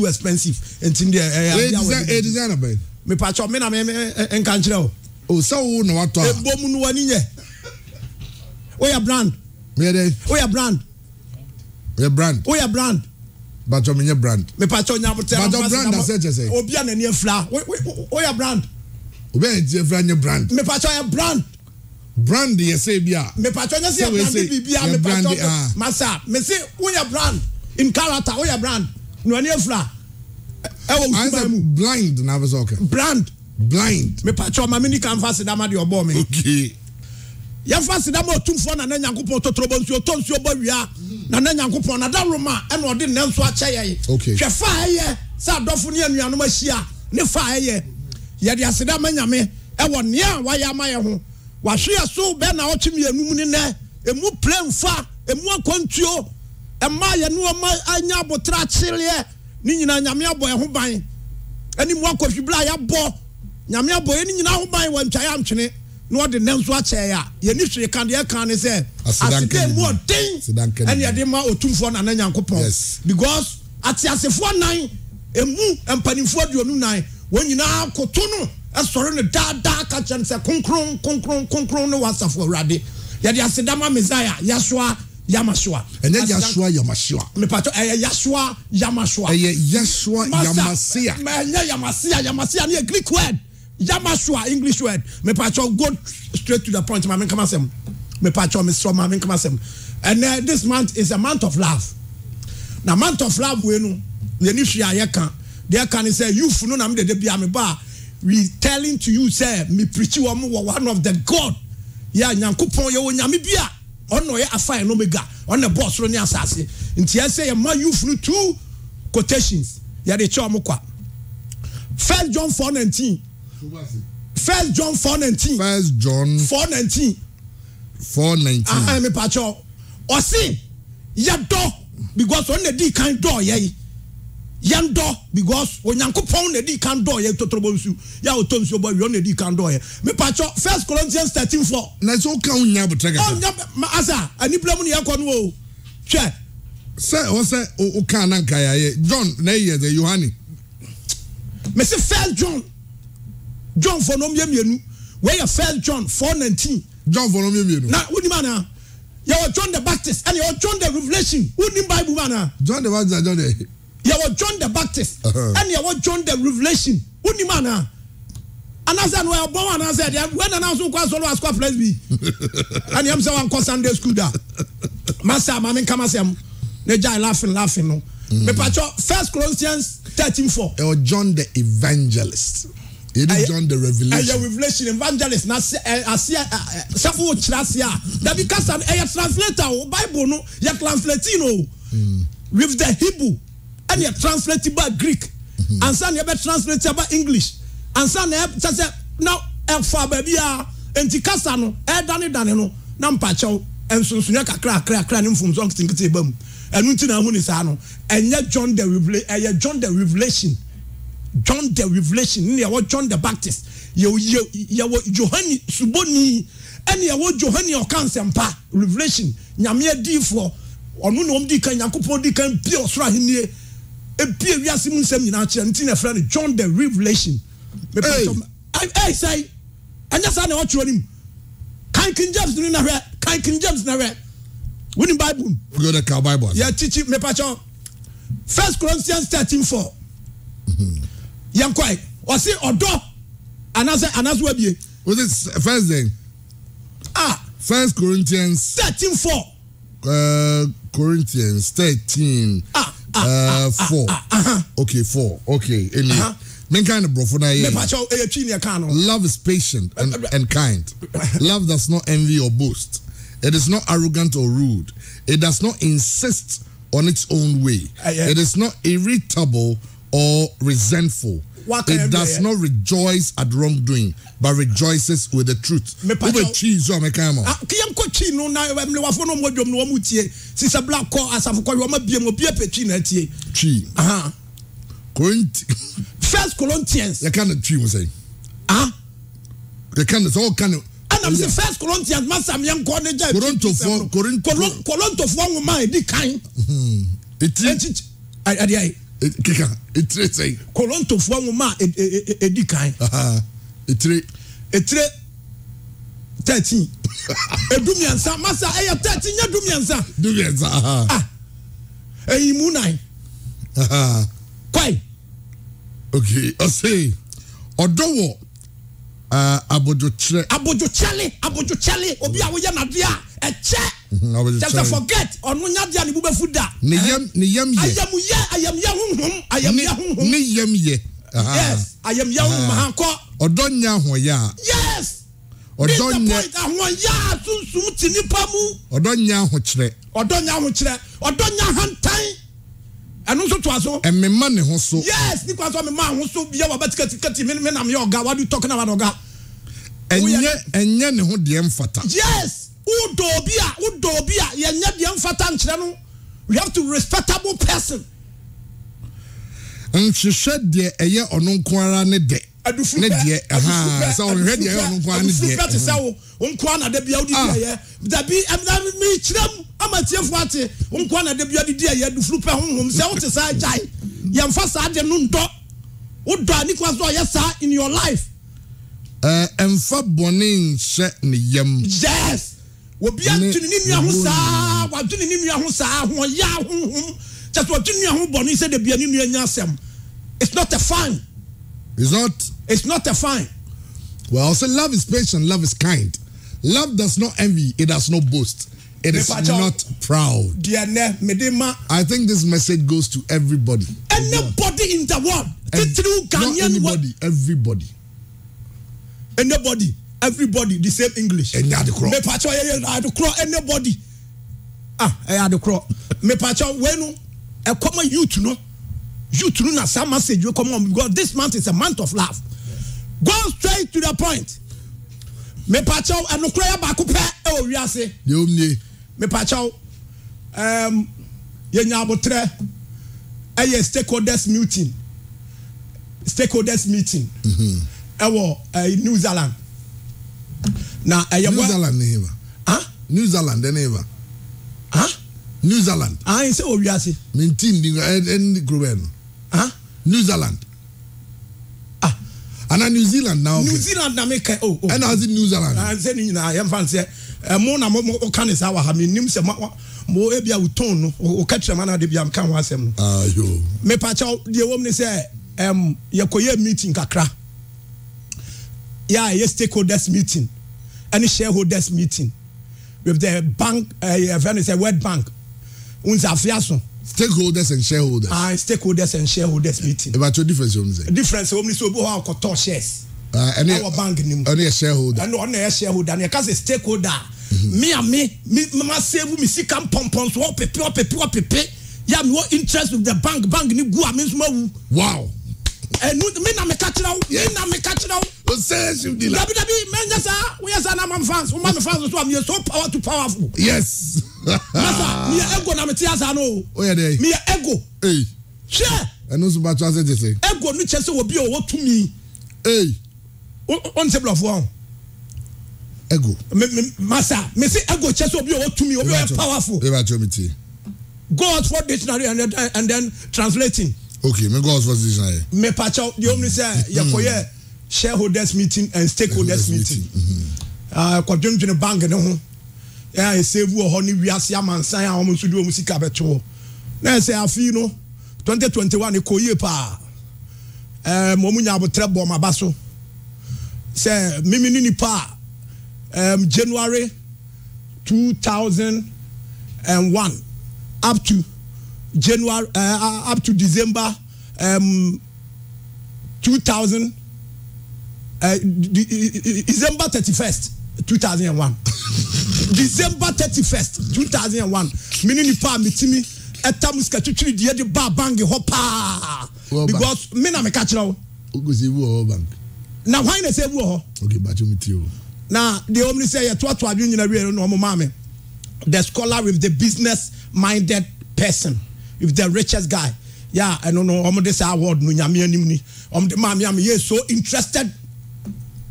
too expensive nti n de ẹ ẹ adiawo ẹ design abẹ. mipatsɔ mi na mi nka n kyerɛ o. o sáwo na wa tɔ a. ebo mu yɛ o yɛ brand. mi o yɛ brand. mi yɛ brand. o oh, yɛ brand. batsɔ mi n yɛ brand. mipatsɔ nyabutɛ. batsɔ brand asɛ kyesɛ. obi a nani efila o yɛ brand. obi a nani efila n yɛ brand. mipatsɔ yɛ brand brand yɛ sɛ bi a. mipatsɔ n yɛ sɛ brand bi bi a mipatsɔ masa se. o yɛ brand in character o oh, yɛ brand nnuane afura ɛwɔ eh, osuba eh, mu blind na abɛsɛ ɔkɛ blind blind mepatwɛ ɔma mini ka nfa sidama deɛ ɔbɔ mi okay yɛfa sidama otumfoɔ na ne nyankopɔn totorobo nsuo to nsuo bɔ wia na ne nyankopɔn na da roma ɛna eh, ɔde ne akyɛ yɛ okay hwɛ fa ɛyɛ sɛ adɔfo ne anuanom ahyia ne fa ɛyɛ yɛde asidama nyame ɛwɔ nea wayɛ ama yɛ ho wahwe yɛ so bɛɛ na ɔtwe mmienu mu ne nɛ emu plane fa emu akwantuo ɛma yɛ ne ɔma anya abotra kyeleɛ ne nyinaa nyame abɔ ɛho ban ɛne mu akɔhwibla a yɛabɔ nyame abɔ yɛ ne nyinaa ho ban wantwaeɛ antwene na ɔde nɛ nso akyɛɛ a yɛni hwee ka deɛ ɛka ne sɛ asedɛ mu ɔden ɛne yɛde ma ɔtumfoɔ nana nyankopɔn because ateasefoɔ nan ɛmu mpanimfoɔ aduonu nan wɔn nyinaa koto no ɛsɔre no daadaa ka kyerɛ no sɛ konkron konkron konkron ne wɔ asafo awurade yɛde asedama mesaya yɛsoa yamasua. ɛnyɛ yasua yamasua. mipatɔ ɛyɛ eh, eh, yasua yamasua. ɛyɛ eh, yasua yamasia. mɛ ɛnyɛ yamasia yamasia ni ye greek word yamasua english word mipatɔ go straight to the point maame nkama sɛm mipatɔ misɔ maame nkama sɛm ɛnɛ this month is a month of love na month of love wei no yɛn ni hwee a yɛ kan deɛ kan ni sɛ youth no na mi de dede bia mi ba we telling to you sɛ mi preach wɔn wɔ one of the god yɛ nyankopɔn yɛ wɔ nyame bia ɔna ɔyɛ afa ɛn omega ɔna bɔ ɔsoro ne asase nti ɛsɛ yɛ ma youth no two quotations yɛde kyɛ ɔmo kwa first john four nineteen first john four nineteen first john four nineteen four nineteen ahan mi pa kyɛw ɔsi yɛ dɔ because ɔna di kan dɔ yɛ yi yɛn dɔ because onyankopɔn na di kan dɔ yɛ totorobɔ nsu yà o tó nsu bɔ yɔ na di kan dɔ yɛ mipatsɔ first corinthians thirteen four. na so kan nya abotire kata. ɔ nya ma asa anibila mu ni yɛ kɔ o twɛ. sɛ ɔsɛ o o kan na nka ya yɛ john na yɛ dɛ yohane. se first john john fɔ n'omi yɛ mienu wɔ yɛ first john four nineteen. john fɔ n'omi yɛ mienu. na wuli ma na yɛ wɔ john the baptist ɛni yɛ wɔ john the revolution wuli bible ma na. john the baptist na john the yɛwɔ john the baptist ɛna uh-huh. yɛwɔ john the revolution wonim ana anasɛ no ɛbɔ wɔn anasɛ deɛ wɛn nana so kɔ asɔlɔ asukɔ flex bi ɛna yɛm sɛ wankɔ sunday school da masa maame nkama sɛm ne gya laughing laughing no mipatsɔ first corinthians thirteen four. ɛwɔ john the evangelist yɛdi john the revolution. ɛyɛ revolution evangelist na eh, ase eh, eh, sɛfo wo kyerɛ ase a dabi kasa ɛyɛ translator o bible no yɛ translating o mm. with the hebrew ɛna yɛ translate ba greek ansa na yɛbɛ translate ba english ansa na yɛ sɛsɛ na ɛfa baabi a nti kasa no ɛdanedane no na mpakyɛw nsonsonya kakra akra akra ne mfomso nketenkete ba mu ɛnu ti na ahu ne saa no ɛnyɛ john the revelation ɛyɛ john the revelation john the revelation ne yɛwɔ john the baptist yɛwɔ yɛwɔ johane suboni ɛne yɛwɔ johane ɔkansɛmpa revelation nyameɛ diifoɔ ɔno na wɔn di kan nyankopɔn di kan bie ɔsoro ahennie ebie wiase mu nsɛm nyinaa kyerɛ nti na efra no john the revolution. ee ee sɛn ɛnyɛ saa na ɔtwerɛ ni mu kan king james ni na hwɛ kan king james na hwɛ wini bible mu. o yɛrɛ ka bible. yɛ titi mipatsɔ first corinthians thirteen four yɛn kɔ yi ɔsi ɔdɔ anase anase wa bie. o ti first then. ah first corinthians. thirteen four. Uh, corinthians thirteen. ah. Ah, uh, ah, ah, four. Okay, four. Okay, any. Uh-huh. Men kind of brofo eh, eh, Love is patient uh, and, uh, and kind. Uh, Love does not envy or boast. It is not arrogant or rude. It does not insist on its own way. It is not irritable or resentful. it does not rejoice at wrongdoing but rejoices with the truth. wọ́n kí ìzọ́ àmì kan mọ̀. kíyẹn kò kí inú náà ẹ̀ ẹ̀ wà fún ọmọ ọjọ́ mi wọ́n mu tiẹ̀ sísẹ́ bla kọ́ asàfokọ́ yìí wọ́n ma bí ẹ̀ mọ̀ bí ẹ̀ pẹ̀ kí náà tiẹ̀. kí korinti. first corinthians. yẹ ká ní twi mu sẹ́yìn. ah. yẹ ká ní sọ́wọ́ ká ní. ẹnna mi sẹ first corinthians ma sàmì yẹn nkọ́ ní jẹ́ ẹ̀ e korintofoɔ korintofoɔ nwoma ẹ̀ e di kan. etí ẹ̀ ẹ̀ ẹ̀ kika etire sɛn. kolontofo ahoma a edi kan. etire. etire thirteen edu miɛnsa masa ɛyɛ thirteen nye du miɛnsa. du miɛnsa. ah eyi mu nan. kwai. ok ɔsè ɔdɔ wɔ ah, abojokyerɛ. abojokyerɛ abojokyerɛ obi a woyɛ nadeɛ a ɛkyɛ kyɛsɛ forget ɔno nyadeɛ ne bubɛfu da ne yam Ni yam yɛ ayamuyɛ ayamuyɛ honhom ayamuyɛ honhom ne yam yɛ yes ayamuyɛ honhom ha kɔ ɔdɔ nya ahoɔyɛ a yes ɔdɔ nya ahoɔyɛ a sunsun ti nipa mu ɔdɔ nya ahokyerɛ ɔdɔ nya ahokyerɛ ɔdɔ nya ahantan ɛnu nso to aso. ɛmɛma ne ho so. yes nípa sọ mi ma ho so yẹ wa bẹ tikatikati mi nam yẹ ọga wa do tọkina wa na ọga. ɛnyɛ ɛnyɛ ne ho deɛ nfata. yes wodɔ obi a wodɔ obi a yɛnyɛ deɛ mfata nkyerɛ no we have to respectable person. nhwehwɛ deɛ ɛyɛ ɔno nko ara ne dɛ ne deɛ ɛhaa sɛ ɔhwɛ deɛ ɛyɛ ɔno nko ara ne deɛ adufupɛ te sɛ wo nko ara na ah. dabi awo didi ɛyɛ dabi ɛmina mi kyerɛ mu ama tiɛfo ate nko ara na dabi awo didi ɛyɛ adufupɛ honhom sɛ wote saa gyae yɛnfa saa deɛ no ndɔ wodɔ a nikwa so ɔyɛ saa in your life. ɛɛ ɛnfa bɔnne nhyɛ ne yam. yes obi atuni ne nua ho saa watuni ne nua ho saa ho ɔyɛ ahohom kyɛ sɛ nua ho bɔnne sɛ debi ne nua nya asɛm it's not a fine. it's not. it's not a fine. well so love is patient love is kind love does not envy it does not boast. It is not proud. I think this message goes to everybody. Anybody in the world. Every, not anybody, everybody. Anybody everybody the same english. ẹni adekorɔ. mepatso ɛyɛ adekorɔ anybody ah ɛyɛ adekorɔ mepatso wɛnu ɛkɔmɔ youth no youth no na saa message wey come on because this month is a month of laugh go straight to the point mepatso ɛnukorɔ yɛ baako pɛ ɛwɔ wiase. ni o nie. mepatso ɛɛm yɛnya abotrɛ ɛyɛ stakeholders meeting stakeholders meeting ɛwɔ mm -hmm. new zealand na ɛyɛ eh, bɔ new zealand eh, ne eva ah new zealand ne eva ah new zealand ah n sɛ o wiase mintin di ɛ ɛ ni kuro bɛ yen no ah new zealand ah ana new zealand na o kɛ new zealand na mi kɛ o o ɛna ase new zealand na se ni nyinaa yɛn fan sɛ ɛmu na mo mo kan ne sa wa ha mi nim sɛ mo mo ebi awo tone no o kɛ kyerɛ ma na de bi am kan ho asɛm no ayo mipakyɛw deɛ wɔm ne sɛ ɛm yɛ kɔ yɛ meeting kakra yɛ a yɛ stakeholders meeting any shareholders meeting with the bank ẹ̀fẹ́ ni sẹ́ world bank nzafiaso. stakeholders and shareholders. ah uh, stakeholders and shareholders meeting. ìbàtò difference omi sẹ. difference omi sẹ obi wa ọkọtọ shares. Ah, any ɛwɔ bank ni Any ɛne shareholder ɛne ɔne yɛ shareholder ne yɛ ka sɛ stakeholder mm-hmm. Me and me, mi ma save mi sika pɔnpɔn so ɔpepe pepe, ɔpepe ya mi wɔ interest with the bank bank ni gu a mi nso ma wow ɛnu mi na mi ka kyerɛw mi na mi ka kyerɛw. o sɛ ɛsiw di la. dabi dabi mɛ n yɛ sa o yɛ sa na ma n fans o ma mi fans so a mi yɛ so power to powerful. yes. masa mi yɛ ego na mi ti asa n'o. o yɛ dɛ. mi yɛ ego. ee. sɛ. ɛnu sunba tí wọn sɛ tẹsɛ. ego ni cɛ sɛ wo bi o wo tu mi. ee. o o n se bila fún wa o. ego. masa mi se ego cɛ sɛ o bi o wo tu mi o bi o yɛ powerful. e b'a tɔ mi ti. go out for dictionary and then and then translating okay me go house for this night. me pacha the only say mm-hmm. yɛkɔyɛ shareholders meeting and stakeholders meeting mm-hmm. ah, kɔdwendwene bank ne ho ɛyà ɛsɛbu e wɔ hɔ ne wiase amansan a wɔn nso de wɔn sika bɛto hɔ na ɛsɛ afi no twenty twenty one e kò yie paa ɛɛ eh, mo mu nya abotire bɔ ɔmo aba so sɛ mímí ni nipa ɛɛm january two thousand and one up to. January uh, up to December um, 2000, uh, e, e, e, December 31st, 2001. December 31st, 2001. Meaning if I'm meeting ɛta mu sika titiri deɛ de ba banki hɔ paa because me na me catch kyerɛ wo. o ko se ewu wɔ hɔ bank. na why na se ewu wɔ hɔ. ok bàtí mi ti o. na deɛ wɔn mi sɛ yɛ tó ato adu no na wɔn the scholar with the business minded person if the richest guy yeah I don't know. de sɛ award no nyame anim ni wɔn de maame ame yɛ so interested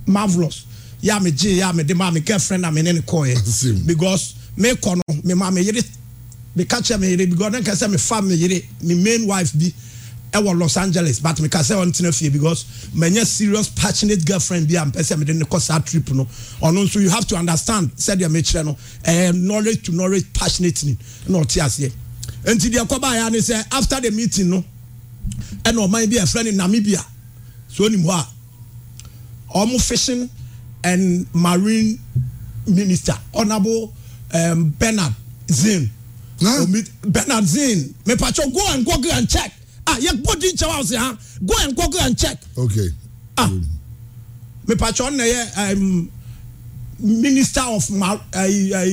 marvellous yà mi gye yà mi de maame girlfriend na mi ne ne kɔ yɛ because mi kɔ no mi maame yere mi ka kyerɛ mi yere because ne nkɛsɛ mi fa mi yere mi main wife bi ɛwɔ los angeles but mi ka sɛ ɔn tena fie because mɛ nyɛ serious passionate girlfriend bi a mpɛ sɛ mi de ne kɔ saa trip no ɔno nso you have to understand sɛdeɛ mi kyerɛ no ɛɛ knowledge to knowledge passionate ni ɛna ɔte aseɛ nti deɛ kɔba ya ne sɛ after the meeting no ɛna ɔman bi ɛfrɛ ne namibia so onim hɔ a ɔmo fishing and marine minister honourable um, bernard zin huh? bernard zin mepatro go and go and check ah yɛ body nkyɛn house ha go and go and check okay ah mepatro ɔno yɛ um, minister of uh, uh,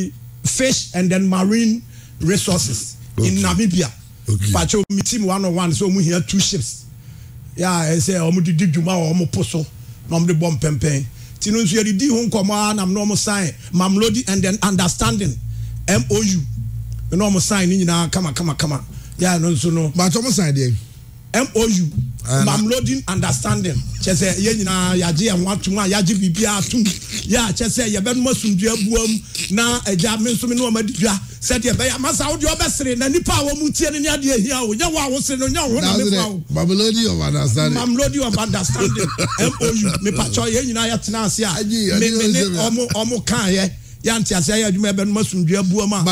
fish and then marine resources in namibia okay. pàtó mi team one on one so ọmọ hìyà two ships yà ẹ e sẹ ọmọ e didi dwuma wọ e ọmọ po so na ọmọ de bọ mpẹmpẹn tinu nso yẹ de di ho nkɔmɔ anam na ɔmo sign mamlodi and then understanding mou na ɔmo sign ne nyinaa kama kama kama yà ẹ no nso no. bàtọ́ mo sign deɛ mou mamlodin understanding kyɛ sɛ yɛn nyinaa yagye yɛn ho atum a yagye biribi atum yɛ a kyɛ sɛ yɛbɛnum asundua buam na agya mi nso mi ne wɔn adi dua sɛdeɛ bɛyɛ masa awo deɛ ɔbɛsere na nipa a wɔn tie ne ne adeɛ hia o nyɛ wɔn a wɔsere no nyɛ wɔn na mi fa o. mamlodin of understanding mamlodin of understanding mou mipatsɔ yɛn nyinaa yɛtena ase a mi mi ne ɔmo ɔmo kan yɛ yɛn ti ase yɛ adwuma yɛ bɛnum asundua buam a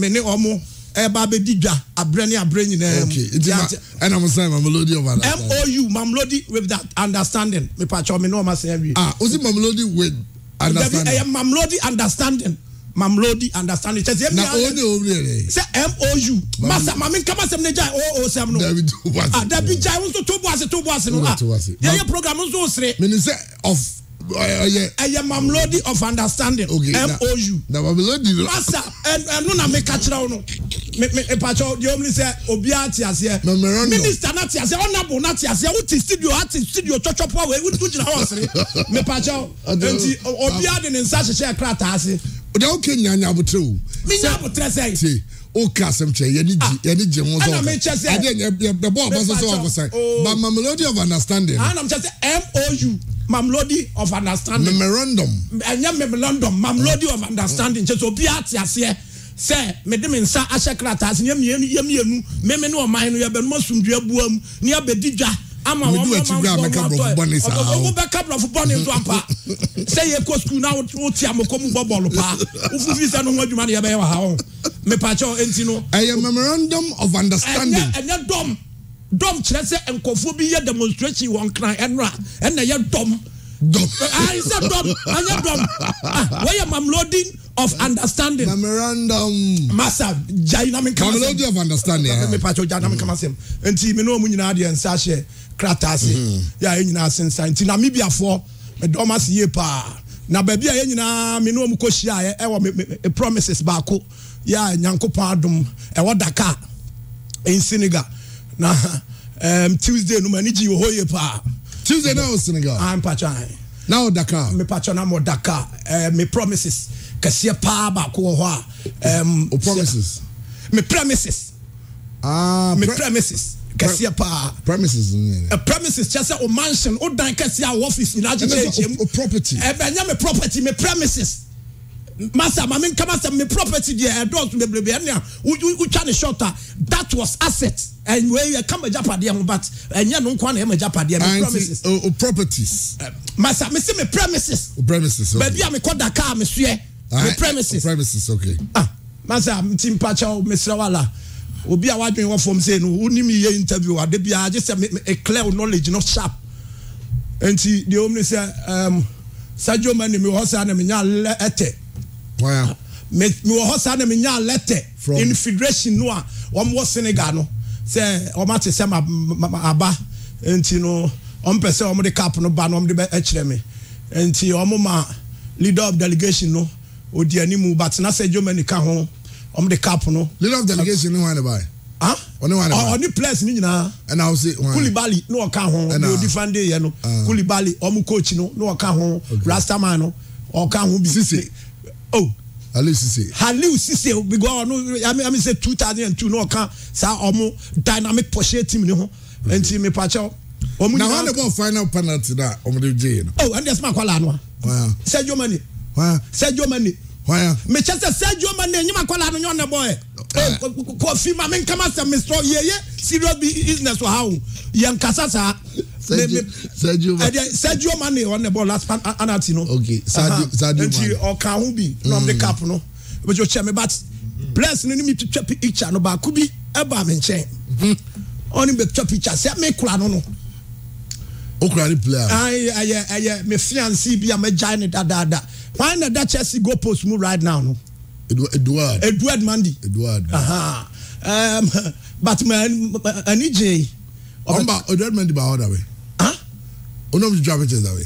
mi ne ɔmo ɛba abɛdi dwa abrɛ ne abrɛ nyinaa mu ɛna mo sign mamelodi of understanding mou mamelodi with that understanding mipatsa omi ah, ní ɔma sɛ ɛwi. ah o si mamelodi with understanding ɛyɛ mamelodi understanding mamelodi understanding kyɛ sɛ ɛmi na o ni o wuli yɛrɛ sɛ mou masa maami nkama sɛm ne gya o o sɛm no dabi to bu ase ah dabi gya nso to bu ase to bu ase no ah yɛ yɛ program nso o sere. minisɛ of ɛyɛ. ɛyɛ mamlodi of understanding. okay na mou. na mamlodi no. masa ɛnu na mi kakyira wo no mi mi ipatsɔ e di omuli sɛ obiara ti aseɛ. mɛmɛrɛ nɔ minista na ti aseɛ ɔnabo na ti aseɛ wuti studio ati studio tsɔtsɔ pɔ awɛ wutu gyina hɔ ɔsiri mipatsɔ nti obiara de ne nsa hyehyɛ krataa ase ọdẹ ọkẹ nyanya abotire o. mi nya abotire sẹyìn. ti o kí asem kyerɛ yɛni gye yɛni gye wọn sɔrɔ adi yɛ yɛ bɔ ɔbɔ sɔsɔ wà kɔsɛn but mamelodi of understanding. ana mi kyerɛ sɛ mou mamelodi of understanding. memorandum. ɛnyɛ memorandum mamelodi of understanding kyerɛ sɛ obi ati aseɛ sɛ mede me nsa ahyɛ krataa sɛ yɛ mmienu mmienu mɛmɛ ne ɔman no yɛ bɛ numu asundua buamu ni yɛ bɛ di dwa ama wọn bọ wọn bọ wọn bọ ẹ ọmọ bẹ ká burọfo bọ ne ntọ pa sẹ yẹ kó sukuu náà wọ́n ti àmọ́ kọ́ mu bọ bọ́ọ̀lù pa ofu fi sẹ́nu wọn adwuma ni yẹ bẹ yẹ wà ha o mipatsọ eti no. ẹ yẹ memorandum of understanding. ẹ yẹ dọm dọm kyerẹ sẹ nkọfo bi yẹ demonstration wọn kran ẹnura ẹnna yẹ dọm dɔm. ayi sɛ dɔm anya dɔm wɔyɛ mamlodi of understanding. memorandum. masa jayi na mi kama sɛm. mamlodi of understanding. mi pàtó jayi na mi kama sɛm nti mi n'o mu nyinaa deɛ nsa ahyɛ krataa se yà mm-hmm. yɛ nyinaa sensan nti namibiafoɔ dɔm asi yie paa na baabi a yɛ nyinaa mi n'o mu ko hyia yɛ ɛwɔ promises baako yà nyankopɔn adum ɛwɔ e dakar nsenegal na um, tuesday numu ani gyi wɔ hɔ yie paa tuesday náà ó senegal. I'm ń pàtó àyè. dakar. Me pàtó náà mo dakar ẹ mi promises kẹsíẹ paa baako wọ hɔ a. o oh, promises. Me premises. aa ah, Me premises kɛseɛ paa. premises n yɛrɛ. ɛ eh, premises kyɛ sɛ o oh, mansion o oh, dan kɛseɛ a o ɔfisi n'a kyekyere kyem. n yɛ mi property Me premises masa maame nkama sɛ me property deɛ ɛdɔɔso bebrebe ɛne a wotwa ne short that was asset and wei ɛka ma japadeɛ ho but ɛnyɛ no nkoa na ɛma japadeɛ me promises o oh, oh, properties eh, masa me se me premises o oh, premises okay baabi a mekɔ dakar me soɛ me ah, premises o premises okay ah masa nti mpakyɛw mesrɛ wala obi a wadwen wɔ fam sɛ no wonim yɛ interview ade biara gye sɛ ɛclear knowledge no sharp nti deɛ ɔm ne sɛ um, sadio mani me wɔ hɔ saa na menya lɛ ɛtɛ mewɔ hɔ saa na menya alɛtɛ in federation no a wɔmwɔ senegal no sɛ ɔmate sɛ aba nti no ɔmpɛ sɛ ɔmde cap no ba no ɔmde bɛkyerɛ me nti ɔmo ma leader of delegation no odi animu but na sɛ germany ka ho ɔmde cap no leader of delegation ne wan ne bae ɔne players no nyinaa kulibali ne ɔka ho ne odi fan de yɛ no ah. kulibali ɔmo coach no ne ɔka ho rastaman no ɔka ho bi o. Oh. Aliu Sise. Aliu Sise because ɔno yami say two thousand and two na ɔka saa ɔmo dynamic Porsche team ne ho nti mipakyɛw. ɔmu nyinaa na wɔn de bɔ final penalty na ɔmu de gye yen. o ɛni ɛsɛmɛ akɔla anu wa. Sergio Mane. Sergio Mane. mekyɛ sɛ Sergio Mane enyim akɔla anu nyɛ ɔnɛ bɔ yɛ. Eh, kofi ma mi nkama sɛ misrɔ yeye serious business wɔ ha o yɛn nkasa saa. sɛju ma ɛdiɛ sɛju ma ni ɔn nɛbɔ last anati no. ok sɛju sɛju ma nti ɔka ho bi n'ɔm de mm. cap no ebi o kyɛ mi but bless ni ni mi twɛ picture no baako bi ɛba mi nkyɛn ɔni bɛ twɛ picture sɛ mi kura no no. o kura ni player. ayi ɛyɛ ɛyɛ mi fiansi bi a mi gya ni dadaada why na da chelsea go post mu right now no. Eduard. Eduard Mandi. Uh huh. Um, but my ani Omba Edward Mandy Mandi ba ọ̀dà wẹ̀. Ha? Ono mi drive chest away.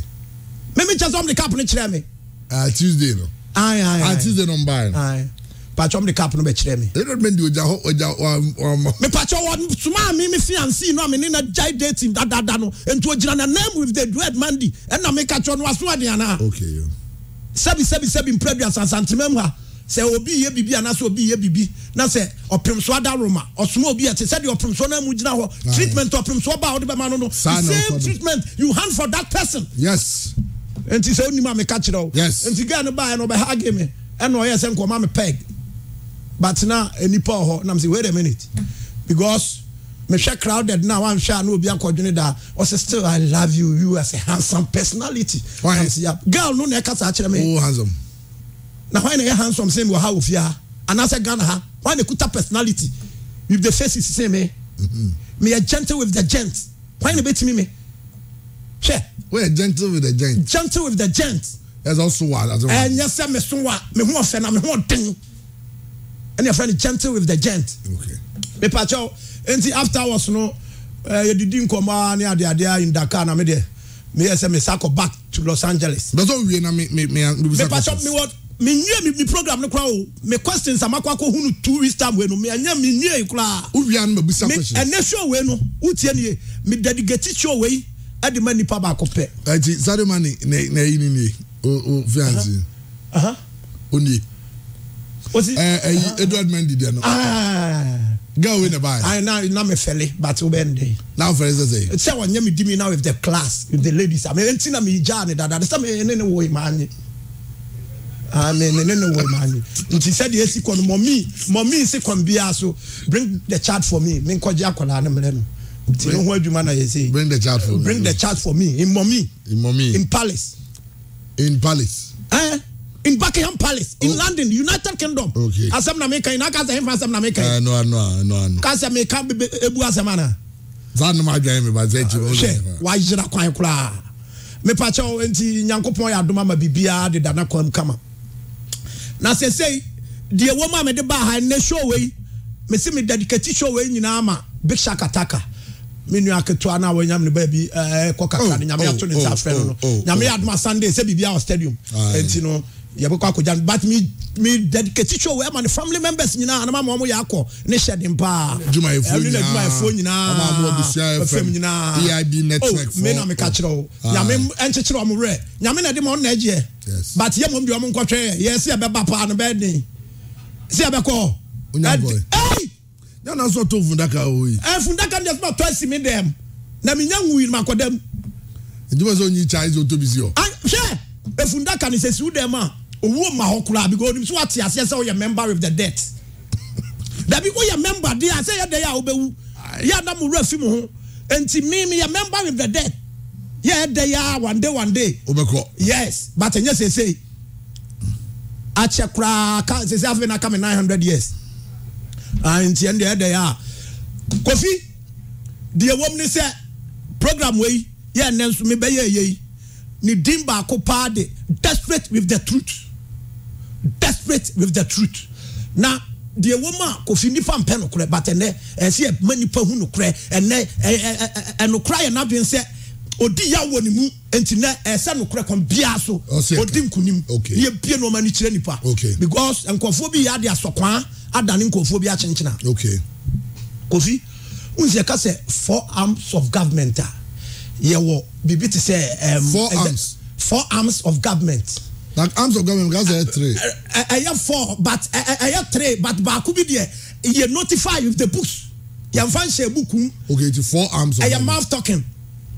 Mímí chest ọmọ de cap ni kyerẹ́ mi. Ah, Tuesday no. Aye aye. Ah, ayi. Tuesday no n ba yẹn. Ayi. Pàtó ọmọ de cap ni bẹ kyerẹ́ um. Eduard Mandi ọjà ọjà ọmọ. Mi pàtó wọ suma mi mi fiancé náà mi ní na jai dating dáadáa no ntu ogyina na name with the Eduard Mandi ẹnna mi kàtó ọ̀nù wàásù àdìyàn náà. Okay. Sebi sebi sẹ́bi mpẹ́bi asansantemẹ́mu ha sɛ obi yɛ bibi anaasɛ obi yɛ bibi na sɛ ɔpemso ada roma ɔsoma obi ɛte sɛdeɛ ɔpemso no mu gyina hɔ treatment ɔpemso ba a bɛma no no the same treatment you hand for that person yes nti sɛ wonim a meka kyerɛ wo nti gaa no baɛ no ɔbɛhage me ɛna ɔyɛ sɛ nkɔma me peg but na nipa wɔ hɔ nam sɛ wait a minute because mehwɛ crowded na wanhwɛ a na obi akɔdwene daa ɔsɛ still i love you you as a handsome personality right. girl no na ɛka saa kyerɛ me oh, handsome na hwan na ɛyɛ handsome same? mi wɔ ha wɔ fia anaasɛ ghana ha hwan na ekuta personality with the face is same, eh? Mm-hmm. Me yɛ gentle with the gent hwan na betumi me? hwɛ. wey yɛ gentle with the gent. gentle with the gent. ɛsɛ ɔso wa ɛsɛ ɔso wa. ɛnyɛ sɛ mi so wa mi ho ɔfɛ na mi ho ɔden ɛna yɛfrɛ no gentle with the gent. Okay. mipakyɛw nti after hours no yɛdidi nkɔmɔ a ne adeade a in dakar na mi deɛ mi yɛ sɛ mi sa back to los angeles. bɛsɛ owie na mi mi mi mi sa kɔ. mipakyɛw mi wɔ mi nye mi mi program ne kura o mi questions amakɔ akɔ hunu two weeks time wenu mi nye mi nye kura. o wia no ma busa questions. ɛnɛ show wenu o tie nin ye mi dedicate show wei ɛdi ma nipa baako pɛ. ɛti sadoma ni ah. na na yi ni nie o o fiance o nie. o ti ɛɛ ɛyi edward mendy diɛ no. girl wey na buy. ayi na na mi fɛle but o bɛ n de. na o fɛle sɛsɛ. sɛ wa nye mi di mi now with the class with the ladies i mean n ti na mi ja ni dada de sɛ mi ne ni wo ye maa nye amen ne ne wɔ maame nti sɛdeɛ esi kɔ no mɔmi mɔmi si kɔn biara so bring the child for me mi nkɔgye akɔlaa ne mmerɛ no ti ne ho adwuma na yɛ se bring the child for me bring the child for me in mɔmi in mɔmi in palace in palace. Eh? in buckingham palace in oh. london united kingdom. okay asɛm na mi kan yi n'a ka sɛ ɛnfa asɛm na mi kan yi. ɛɛ eh, n'o n'o n'o n'o. k'a mi kan bebe ebu asɛm ana. saa numu adwan mi ba se ji o. sɛ wa yira kwan kura mipakyɛw nti nyankopɔn yɛ adoma ma bibiara de da na kama na sesei deɛ wɔn a mɛde baa ha ne show wei mesi mi dedicate show wei nyinaa ma big shark attacker mi nua ketewa na wɔn nyam ne baabi eh, ɛɛ kɔ kakra ne oh, nyame ato ne nsa oh, afɛ no oh, no nyame aduma sunday sɛ biribi awɔ stadium nti no yɛbɛkɔ akɔgya no but mi mi dedicate show wɛ ma ne family members nyinaa anama ma wɔn yɛ akɔ ne hyɛ den paa adwumayɛfoɔ nyinaa adwumayɛfoɔ nyinaa ɔmo abo abusua fm nyinaa eib network fɔ oh, o me na mi ka kyerɛ o ah. nyame ɛnkyekyere ɔmo rɛ nyame na ɛde ma ɔno na ɛgyeɛ but yɛ mo bi ɔmo nkɔtwɛ yɛ si ɛbɛba paa no bɛɛ den si ɛbɛkɔ ɛdi ɛyi yàrá sọ tó fundaka o yi. ɛ fundaka ni ɛsuma tɔ ɛsi mi dɛm na mi nya nwuyi ma kɔ dɛm. ìjọba sọ nyi kya ẹ sọ tóbi si ọ. sɛ efundaka ni sɛ owó ma hɔ koraa because onim so wate aseɛ sɛ woyɛ member with the debt dabi woyɛ member deɛ asɛ yɛ deɛ a wobɛwu yɛ ada mo wura fi mo ho nti mi mi yɛ member with the debt yɛ ɛdɛ yɛ a one day one day. o bɛ kɔ. yes but n yɛ sese akyɛ koraa ka sese afei na ka mi nine hundred years ah, nti ɛn deɛ ɛdɛ yɛ a kofi deɛ wɔm ni sɛ program wei yɛ ɛnɛ nso mi bɛ yɛ ɛyɛ yi ni din baako paa de desperate with the truth desperate with the truth na deɛ wɔm a kofi nipa mpɛ nokorɛ but ɛnɛ ɛsɛ yɛ ma nipa hu nokorɛ ɛnɛ ɛnokora yɛ n'adwene sɛ odi ya wɔ ne mu nti nɛ ɛsɛ nokorɛ kɔn bia so odi nkunim Okay. yɛ bie nneɛma no kyerɛ nipa because nkɔfoɔ bi yɛ adi asɔkwan adane nkɔfoɔ bi Okay. kofi nsi ɛka sɛ four arms of government a yɛ wɔ biribi te sɛ. four arms four arms of government like arms of government nka sɛ three. three. ɛyɛ four but ɛyɛ three but baako bi deɛ yɛ notify with the books yɛn fa n ṣe ebukun. Hmm? okay ti eh, four arms of government. ɛyɛ mouth talking.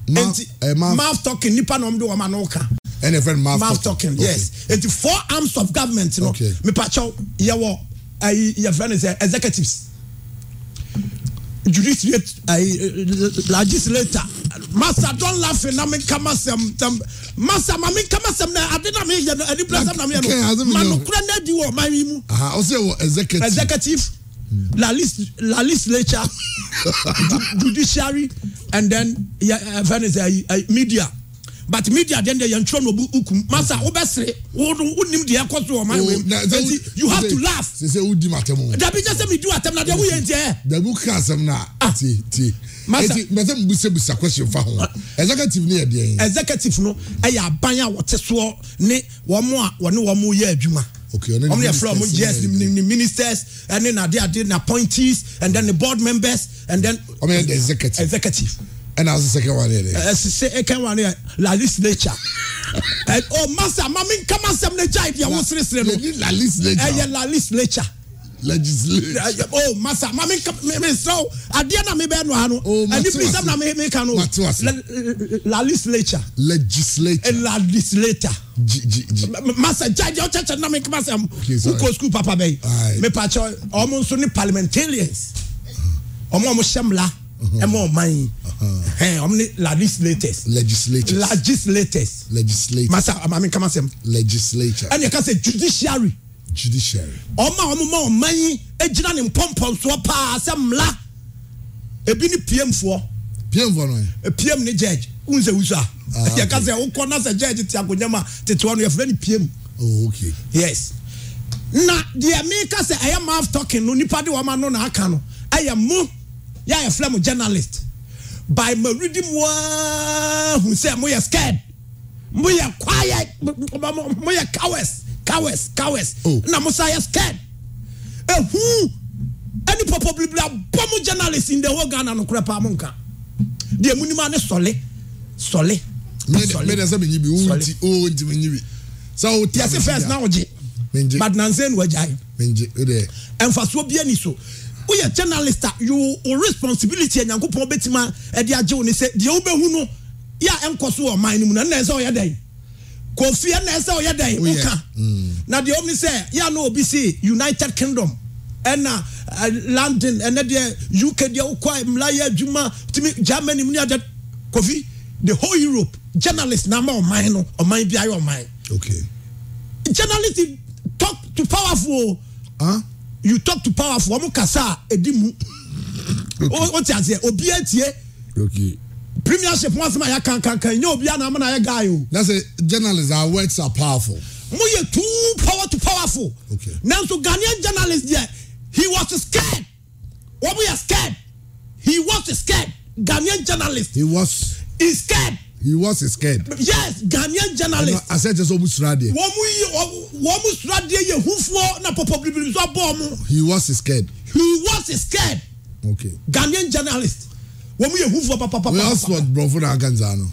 mouth mouth mouth talking nipa na ɔmo de wɔn ano kan. ɛna efɛ mouth talking mouth talking yes eti four arms of government no mipakyɛw yɛ wɔ ɛyi yɛ fɛ ne sɛ executives judiciary ɛyi eh, eh, legislator. Master, don't laugh. Na me kama sem tem. Master, ma me kama sem na ade na me yɛ no ani blessam na me yɛ no. Ma no kura na di wɔ man yi mu. Aha, o se wɔ executive. Executive. La list la legislature. judiciary and then yeah, uh, uh media but media den de yɛn twerɛ na obu ukum masa wobɛsere mm. wonim deɛ ɛkɔ so wɔ man oh, wɛm nti you have to laugh. sɛ sɛ wodi matɛm o. dabi jɛ sɛ mi di atɛm na deɛ woyɛ ntiɛ. Eh. dabi ka asɛm na ah. ti ti eti mbɛsɛ mu busabusa question fa ho executive ni yɛ deɛ yɛ. executive no ɛyɛ aban a wɔte soɔ ne wɔn a wɔne wɔn yɛ adwuma ɔmu yɛ fila ɔmu yes eh, eh. ni ministers ɛne na de ade na appointees and then the board members and then. ɔmu yɛ the executive. executive. And that's the second one. It is. Uh, second one. Yeah. La legislature. and, oh, master, mami, come on, some legislature. You want to listen to La legislature. Uh, eh, yeah, la legislature. Legislature. Uh, eh, oh, master, mami, me so. Adia na me be no ano. Oh, and you please na me me can no. La legislature. Legislature. La legislature. Master, judge, you church na me come some. Who go school papa be? Me pa cho. Omo nso ni parliamentarians. Omo omo shemla ẹ mọ ọman yìí ẹ ọmọ ni legislators. legislators legislators. legislators masa maami kama sẹm. legislators ẹni ẹ ká sẹ judiciary. judiciary. ọmọ àwọn ọmọ ọman yìí ẹ gyina ní pọnpọn soɔ paa sẹ mla ebi ni pm foɔ. pm foɔ náà eh, pm ni judge n sẹ wusu a yẹ ká sẹ ọkọ náà sẹ judge ti akonya ma tètè wọn yẹ fúlẹ ni pm. oh okay. yes na deɛ mi ka sɛ ɛyɛ mouth talking no nipa de wɔn ma no na aka no ɛyɛ mu yà yẹ fẹ́ mu journalist by my reading waa hun say, mo yẹ scared mo yẹ quiet mo yẹ cowards cowards cowards oh. na mo sa yẹ scared ehu ẹni pọpọ bibiri abọ journalist in the whole ghana nukura pa mu nka deɛ mu ni ma ne sɔle sɔle sɔle mɛ dɛsɛ mi nyi bi o nti o nti mi nyi sa o ti a mi nyi yasi fɛs na o je but nansen wa jaa ye ɛnfasuo bia ni so woyɛ journalist uh, a you o responsibility a nyankopɔn bɛtuma ɛde agye wo ni sɛ deɛ wobɛhu no yɛ a ɛnkɔ so wɔ ɔman no mu na ɛsɛ ɔyɛ dɛn kofi ɛna ɛsɛ ɔyɛ dɛn woka na deɛ wɔn sɛ yɛ no na obi si united kingdom ɛna uh, uh, london ɛna deɛ uk deɛ wokɔ mmla yɛ adwuma tumi germany mu ni adɛ kofi the whole europe journalist na ama ɔman no ɔman bi ayɛ ɔman. okay journalist talk to powerful. Huh? you talk to powerful ɔmo kasa a edi mu o ti aseɛ obi etie premiership wọn asem a yà kankankan nye obi anam na yɛ guy o. na sɛ journalists our words are powerful. mo yɛ too power to powerful. okay nanso ghanaian journalist yɛ he was scared wɔn yɛ scared he was scared ghanaian journalist. he was. he scared he was scared. yes ghanaian journalist. ẹnu asẹ́jẹ́ sọ wọ́n mu suradeɛ. wọ́n mu yi wọ́n mu suradeɛ yẹ hufuo na pọpọ bibiri sọ bọ́ ọmọ. he was scared. he was scared. okay ghanaian journalist wọ́n mu yẹ hufuo papapapa. wọ́n oxford bọ̀fọ́ náà ganza no.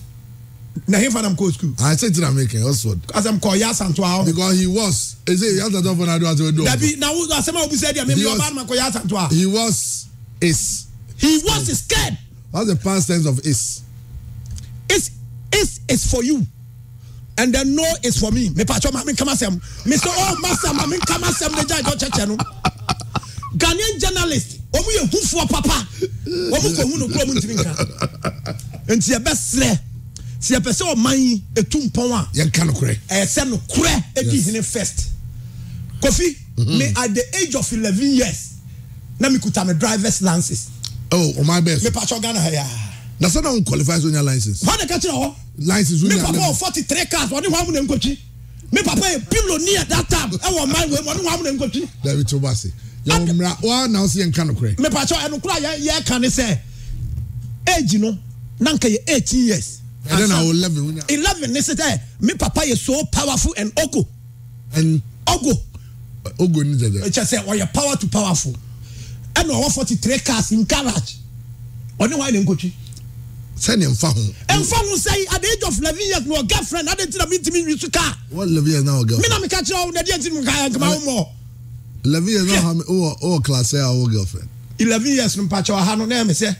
na him father go school. i say tina make oxford. asem kọ ya santo aho. because he was ese ya santo aho na adu ati odo. dabi na asem a obi sẹ di ẹ mi ọba anuma kọ ya santo aho. he was is. he was scared. what's the past tense of is is for you and the no is for me mepatwa maame nkama sɛm mr oh master maame nkama sɛm de gya ɛjɔ kyɛkyɛ no ghanaian journalist wɔn yɛ hufoɔ papa wɔn kɔ hu no kuro mu ntumi nka nti yɛ bɛ srɛ si yɛ pɛ sɛ ɔman yi etu mpɔn a yɛn ka no korɛ ɛyɛ no korɛ edi hene first kofi me mm-hmm. at the age of eleven years na mi kuta mi drivers lances. ɔ oh, ɔman oh, bɛɛ so mepatwa ghana ha yaa na sɛ na n qualify so nya license. wọn de ka kyerɛ hɔ. license wọn yà mi papa wọ forty three cars wọn ni wọn mu na nkotwi mi papa yɛ biloni that time ɛwɔ man wey wọn ni wọn mu na nkotwi. dabi tó bá se yàwó mìíràn wọn náà sì yẹn nka nìkorɛ. mipatɔ ɛnukura yɛ yɛ kan ni sɛ age no nanka yɛ eighteen years. ɛdɛ na o eleven wọn eleven ni sɛ mi papa yɛ so powerful and ogo. And ogo. ogo ni jɛjɛ. ɛkyɛ sɛ ɔyɛ power to powerful ɛna ɔwɔ forty three cars in garage ɔne wọn ne nkotwi sẹ́ni nfa ho. ẹ nfa ho sẹ́yìn at the age of eleven years wọ girlfriend adé tí na mi ti mi wi so car. wọ́n eleven years náà wọ girlfriend. mi na mi ka kyerɛ awo na diẹ ti mi ka yẹ nkama awo mọ. eleven years náà hami wọ wọ class ẹ awo girlfriend. eleven years mpakyɛ wa ha no n'ayɛ mi sɛ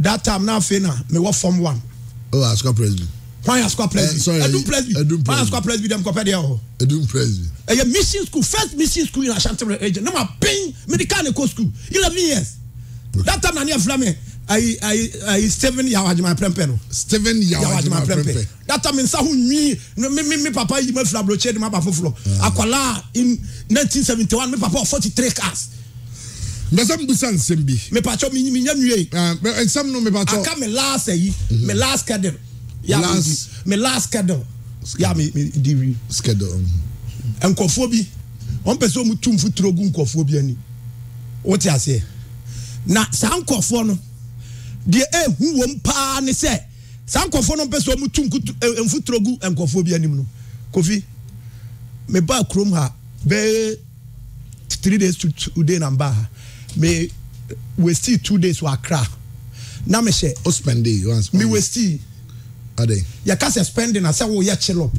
that time náà fẹ́ na mi wọ form one. Eh, o asukwa president. kwan asukwa president edum president kwan asukwa president dem kɔpɛ deɛ wɔ. edum president. ɛ yɛ mission school first mission school in ashanti region ne ma pin medical ne ko school eleven years that time na ne yɛ fila mi ayi ayi ayi stephen yawajima prempeh no. stephen yawajima prempeh data mi nsa ho nwi mi mi mi papa yi ma fila aburokye de ma ba foforɔ ah. akwalaa in nineteen seventy one mi papa wɔ forty three cars. mbese mbusa nsɛm bi. mipatso mi mi nya nwie yi. Ah, nsɛm no mipatso. aka mi last ɛyi mi mhm. last kɛdɛm. last mi last kɛdɛm. ya mi mi di wi. skɛdɛm. Mhm. nkɔfoɔ bi wɔn pɛ sɛ wɔn tu nfuturo gu nkɔfoɔ bi ani wɔte aseɛ na saa nkɔfoɔ no deɛ ehu wɔm paa ne sɛ saa nkɔfoɔ no mpɛ sɛ wɔn tu nkutu gu nkɔfoɔ bi anim no kofi me baa kurom ha bɛɛ three days to two days na mbaa ha me wasi two days wɔ akra na me hyɛ. o spend day you wan spend. me wasi. ade. yɛka sɛ spending na sɛ wɔyɛ chillop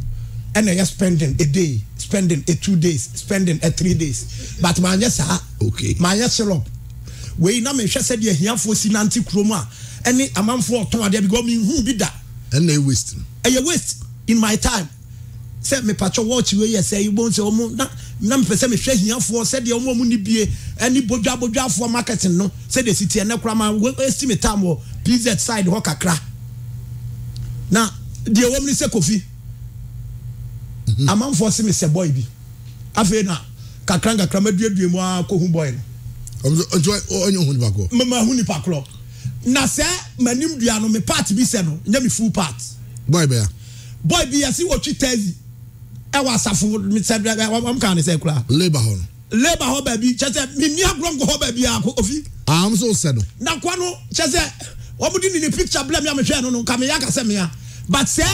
ɛna yɛ spending a day spending a two days spending a three days but maa nyɛ saa. okay maa nyɛ chillop wei na mehwɛ sɛdeɛ ahiafoɔ si nante kurom a ɛne amanfoɔ ɔtɔn adeɛ because mehu bi da ɛna ɛ waste ɛyɛ waste in my time sɛ mepatwɛ wɔɔkye wei yɛ sɛ ibo sɛ ɔmo na na mepɛ sɛ mehwɛ ahiafoɔ sɛdeɛ ɔmo ɔmo ni bie ɛne bodwa bodwafoɔ marketing no sɛdeɛ si tiɛ ne kora ma esi me time wɔ pz side hɔ kakra na deɛ wɔm ni sɛ kofi mhm. amanfoɔ si mi sɛ bɔyi bi afei na kakra nkakra ma duadua mu aa kohun bɔyi no nti hu nipa korɔ. na sɛ mɛnim dua no mɛ part bi sɛ no nyɛ mi full part. bɔi bɛ ya. bi yasi wɔtwi tɛzi ɛwɔ asafo sɛ wɔn ne sɛ kura. labour hɔ no. labour hɔ baabi kyɛ sɛ mi agorɔ nkɔ hɔ baabi a ofi. aa n so sɛ no. na kɔ no kyɛ sɛ wɔn di picture bila mi a mi no no nka mi ya kasɛ mi but sɛ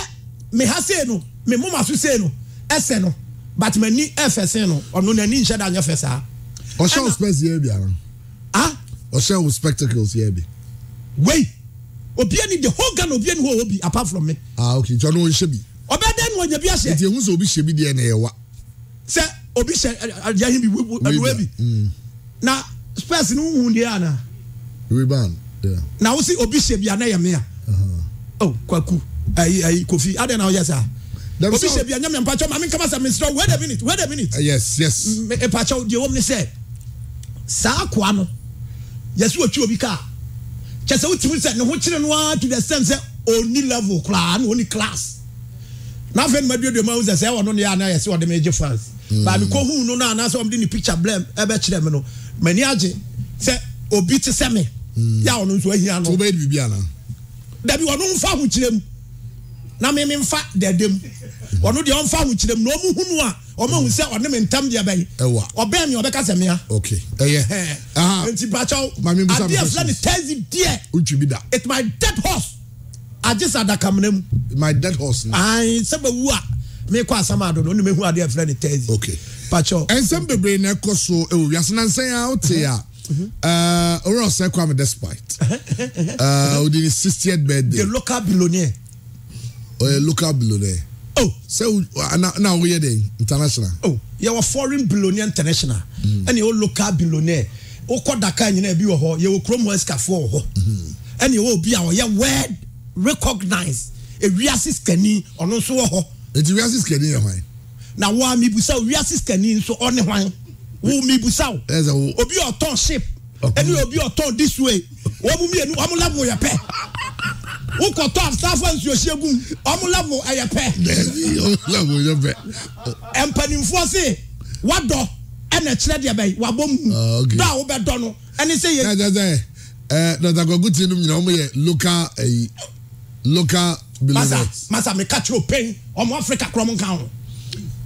mi ha no mi mu so se no ɛsɛ no but mɛ ɛfɛ se no ɔno n'ani nhyɛ da nyɛ fɛ saa ɔhyɛ wo spɛs yɛ bi ara a ɔhyɛ wo spectacles yɛ bi wei obia ni the whole ghana obia ni hɔ obi apart from me ah okay jɔ no nhyɛ bi ɔbɛ dɛ no ɔnyɛ bi ahyɛ nti ehu sɛ obi hyɛ bi deɛ mm. na yɛ wa sɛ obi hyɛ adiahin bi ɛduwa bi na spɛs ni huhu deɛ ana rebound na wosi obi hyɛ bi ana yɛ mea oh kwaku ayi ayi kofi adɛ na ɔyɛ saa obi hyɛ bi anya mea mpatsɛ maame nkama sɛ mesrɛ wait a minute wait a minute uh, yes yes mpatsɛ deɛ wɔm ne sɛ saa akoa no yɛsi wotwi obi kaa kyɛ sɛ wotumi sɛ ne ho kyerɛ no ara to the extent sɛ oni level koraa na oni class n'afɛn numu aduodua mu ahosɛ sɛ ɛwɔ no ne yɛ anan yɛsi ɔde mu egye fans hmm. baami ko hun no na anan sɛ ɔmo de ne picture blɛm ɛbɛ kyerɛ mi no mɛni agye sɛ obi ti sɛ mi hmm. yà ɔno nso ehia no. tó bɛ di biribi dabi ɔno nfa ahokyerɛ mu na mímí nfa dɛdɛ ɔno deɛ ɔnfa ahokyerɛ mu na ɔmo hunu a ọmọ òun sẹ ọdún mi ntẹm diẹ bẹyì ọbẹ mi ọbẹ kásẹ mìíràn. ok ẹyẹ nti bàtchọ adiẹ filẹ ni tẹsí diẹ it my dead horse ajé sadaka mi mu. my dead horse. ayin sábà wu a mi kọ asam adodo ọdún mi hu adiẹ filẹ ni tẹsí. ok bàtchọ. ẹnsẹm bebree na ẹkọ so ewu yasọ na nsẹn ó ti yà owurọ ọsẹ kwame despite odi ni sixtieth birthday. the local billionaire oh sɛ uh, na na woyɛ dɛ international. oh yɛwɔ foreign billionaire international ɛna mm-hmm. yɛwɔ local billionaire wokɔ dakar nyinaa bi wɔ hɔ yɛwɔ kurom hɔ sikafoɔ wɔ hɔ ɛna mm-hmm. yɛwɔ obi a ɔyɛ well recognized ewiase sikani ɔno nso wɔ hɔ. eti wiase sikani yɛ hwan. na wa mibusa wiase sikani nso ɔne hwan wo mibusa o. ɛsɛ wo obi ɔtɔn ship ɛni obi ɔtɔn this way wɔn mu mienu wɔn mu lamu yɛ pɛ wokɔ tɔ asaafo nsuohyia gum ɔmo level ɛyɛ pɛ. level yɛ pɛ. mpanimfoɔ se wadɔ ɛna kyerɛ deɛ bɛyi wabɔ mu ah, dɔ a wobɛdɔ no ɛne sɛ yɛ. ɛɛ ɛɛ dɔkta kɔkɔ tie nyinaa wɔn yɛ local ɛyi local believers. masa masa mi ka kyerɛ pɛn ɔmo africa kurɔ mo nkan ho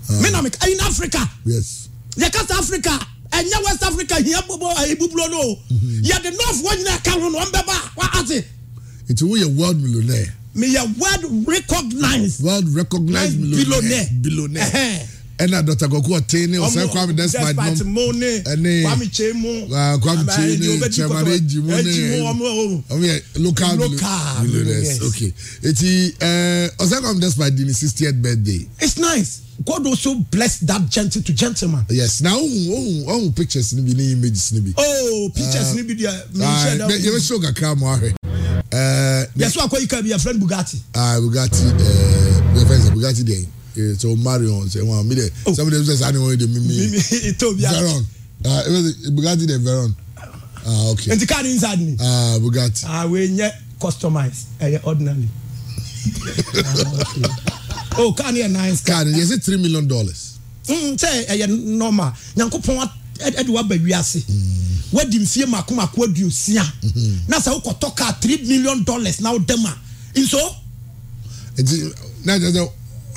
ah. mi na mi ɛyin africa. yes. yɛ kasa africa ɛnyɛ west africa hiɛ bubu ɛyi bubulo no. Mm-hmm. yɛ de north wɔn nyinaa ka ho no ɔmo bɛ ba wa ase nti woyɛ world millionaire. mi yɛ world recognized. world recognized millionaire. billionaire. billionaire ɛna dr goku ɔtin ni ɔsɛ kwami despite mu ɛni kwami tse mu kwami tse ni kyɛmari eji mu ni ɔmu yɛ local millionaires okay eti eh, ɔsɛ kwami despite di ni sixtieth birthday. it's nice god also bless that gentle to gentleman. yes na ohun ohun ohun pictures ni bi ni images ni bi. oh pictures ni bi di a. yɛ bɛ show kakra mu ahwɛ yẹsọ akɔyi kan bi yɛ fɛn bugatti. Ah, bugatti ɛɛ yɛ fɛn sɛ bugatti de ɛ sɛ o marion sɛ wɔn mi dɛ sɛbi de sɛ sanni wɔn de mi veron ah, eh, bugatti de veron aa ah, ok. nti kaa ni inside ni. Ah, bugatti. aa ah, wee nye customize ɛyɛ eh, ordinary. Oh, kaa ni nice. kaa ni yɛ three million dollars. n sɛ ɛyɛ normal nyankopɔn ɛde waba wiase mm-hmm. wadi mfie mako mako aduosia mm-hmm. na sɛ wokɔtɔ kaa three million dollars na wodam a nso. nti na kyerɛ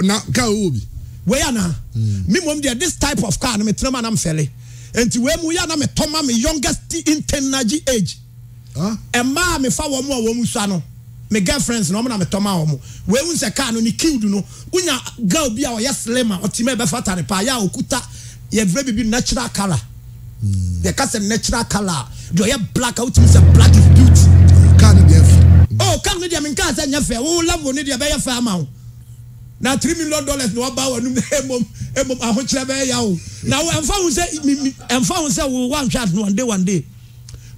na kaa wo bi. wei ana mmom deɛ this type of car no metena mu anam fɛle nti wei mu yi ana metɔ ma me youngest internagy age ɛmaa e mefa wɔn a wɔn sua no me girlfriend na wɔn na metɔ ma wɔn wei n sɛ car no ne kiwdu no wonya girl bi a ɔyɛ slim a ɔte mu ɛbɛfa tare paa yɛ a okuta yɛvire bibi natural colour yɛka sɛ natural colour deɛ ɔyɛ black a wotumi sɛ black is beauty. kaa no deɛ fɛ. ɔ kaa no deɛ mi nkaa sɛ nyɛ fɛ wo level no deɛ bɛyɛ fɛ ama wo na three million dollars na waba wɔn anim emom emom ahokyerɛ bɛyɛ ya o na ɛnfa ho sɛ mi mi ɛnfa ho sɛ wo wanhwɛ adi one day one day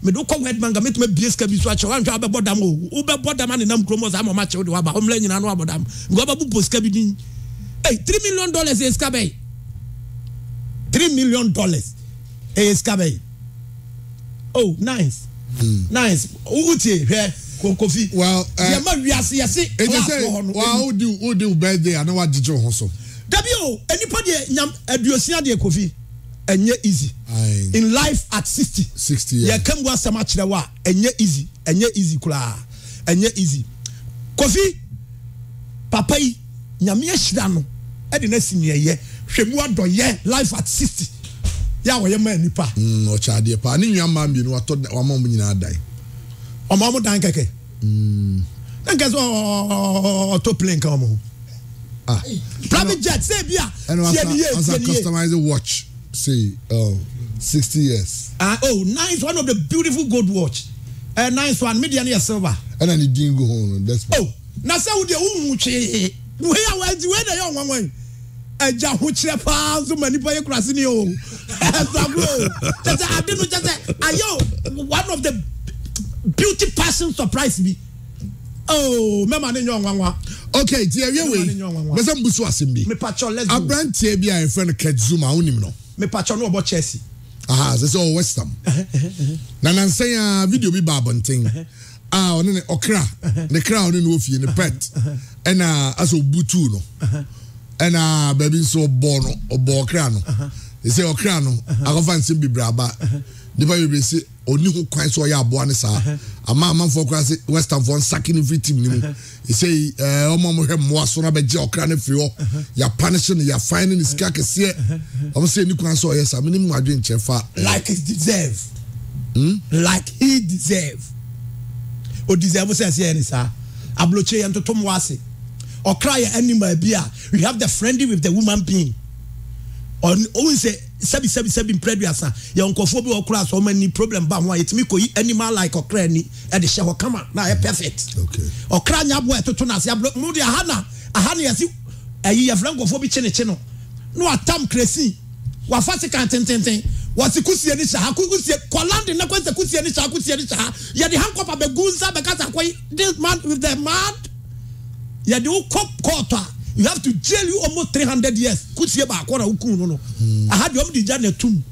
mede wokɔ wedman ka metumi bie sika bi so akyɛ woanhwɛ wobɛbɔ dam o wobɛbɔ dam ane nam kurom hɔ saa ma makyew de waba ɔmla nyina no wabɔ dam nka wobɛbobɔ sika bi din ei 3 million dollars yɛ sika bɛe 3 million dollars ɛyɛ sika bɛyi oh nice mm. nice wutie hwɛ kofi uh, yɛ ma wiase yɛsi class e wɔ hɔ no wa o di o di o birthday ana wa jijji o ho so. dabi o enipa deɛ nyam aduosia deɛ kofi ɛnyɛ easy Aye. in life at sixty sixty yɛ kɛm wa sɛm akyerɛ wa ɛnyɛ easy ɛnyɛ easy koraa ɛnyɛ easy kofi papa yi nyamea hyira no ɛde na si nea yɛ hwɛ mu adɔ yɛ life at sixty yà wọ́yẹ mọ́ nípa. Mm, ọ̀kyà adeɛ paa ne nua maa mmienu watɔ wama wɔn nyinaa dan. ɔmɔ mm. wɔn dan kɛkɛ. na nkɛ sɛ ɔtɔ plane kan wɔn ah. private jet sɛ ebi a tiɛ ni ye tiɛ ni ye. ɛnna watch say um, sixty years. ah oh nice one of the beautiful gold watch uh, nice one mi di yan ni yɛ silver. ɛnna ni din go oh na sɛ wo deɛ wo hu twee wei a wɔn adi wei na yɛ ɔnwanwan yi ɛgya ho kyerɛ paa nso ma nipa yɛ kura sini o ɛsaburo kyɛsɛ adi no kyɛsɛ ayɛ one of the beauty passion surprise bi oh mɛma ne nyɛ ɔnwanwa. okay ti ɛwiɛ wei mɛsɛ mbusu asem bi aberanteɛ bi a yɛfrɛ no kɛtzuma wonim no mepatwɔ no ɔbɔ chelsea aha sɛ sɛ ɔwɔ west ham na nansɛn a video bi ba abɔnten uh-huh. a ɔne ne ɔkra uh-huh. ne kra ɔne ne wɔ fie ne pet uh-huh. ɛna asɛ obutuu no ɛna baabi nso ɔbɔ no ɔbɔ ɔkra no ɛsɛ uh-huh. ɔkra no uh-huh. akɔfa nsɛm bebree aba uh-huh. nipa bebree sɛ ɔni ho kwan sɛ ɔyɛ aboa ne saa ama amanfoɔ kora sɛ westernfoɔ nsake ne firi team ne mu ɛsɛ ɛɛ ɔmo ɔmo hwɛ mmoa so na bɛgye ɔkra ne firi hɔ yapanish no yafan ne ne sika kɛseɛ ɔmo sɛ ɛni kwan sɛ ɔyɛ saa mene mu adwe nkyɛn fa. like he deserve. Hmm? like he deserve. o deserve sɛ ɛsɛ yɛ ne saa abolokye yɛn toto mu ase ɔkra yɛ animal bi a we have the friendly with the woman being ɔn ohun sɛ sɛbi sɛbi sɛbi mpɛduasa yɛ nkɔfoɔ bi ɔkura sɛ ɔmo ani problem ba ho a yɛtumi kɔ yi animal like ɔkra ani ɛde hyɛ hɔ kama na ayɛ perfect ɔkra nya aboa ɛtoto n'ase aburo mu de aha na aha na yɛsi ɛyi yɛfrɛ nkɔfoɔ bi kyenekye no na watam kresi wafa se kan tententen wɔsi kusie ni saa kusie kɔlandi na kɔsi kusie ni saa kusie ni saa yɛde hankɔpa bɛ gu nsa bɛ kasa kɔyi this man with the mad yɛde wo kɔ kɔɔtɔ a you have to jail you almost three hundred years kusie baako na okun no no hmm. aha deɛ ɔmo de gya na tum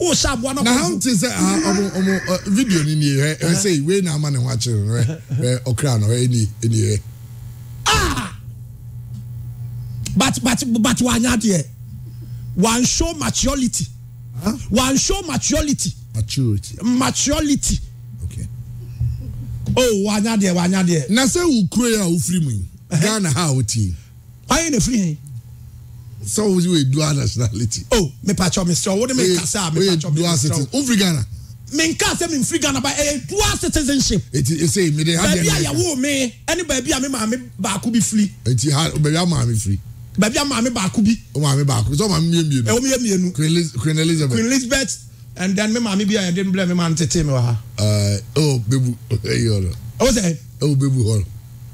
o sa aboa na. na ha n ti sɛ aha ɔmo ɔmo video ni ni yɛ ɛ say, wei na ama ne ho akyerɛ no ɛ ɛ ɔkura no ɛ ni ɛ ni yɛ. aa ah! but but but wanya deɛ wan show maturity huh? wan show maturity. maturity maturity. okay. oh wanya deɛ wanya deɛ. na sɛ wò kuro yɛ a wò firi mu yi. Eh? ghana ha o ti. wáyé na efiri yẹn. sọ wo ye dual nationality. o mipatso mi sọ wo ni mi kasa mipatso mi sọ. o ye dual citizen o firi ghana. mi nka sẹ mi nfiri ghana ba ẹ yẹ dual citizenship. eti ese mi de ha di ẹni. bẹẹbi ayawo mi ẹni bẹẹbi a mi maami baako bi firi. eti ha bẹẹbi a maami firi. bẹẹbi a maami baako bi. o maami baako sọ maami miye mienu. ẹ o miye mienu. queen elizabeth. queen elizabeth and then mi maami bi a yẹ den bilẹ mi maa n tete mi wa ha. ẹ o bebu eyi ọrọ. o sẹ. o bebu ọrọ.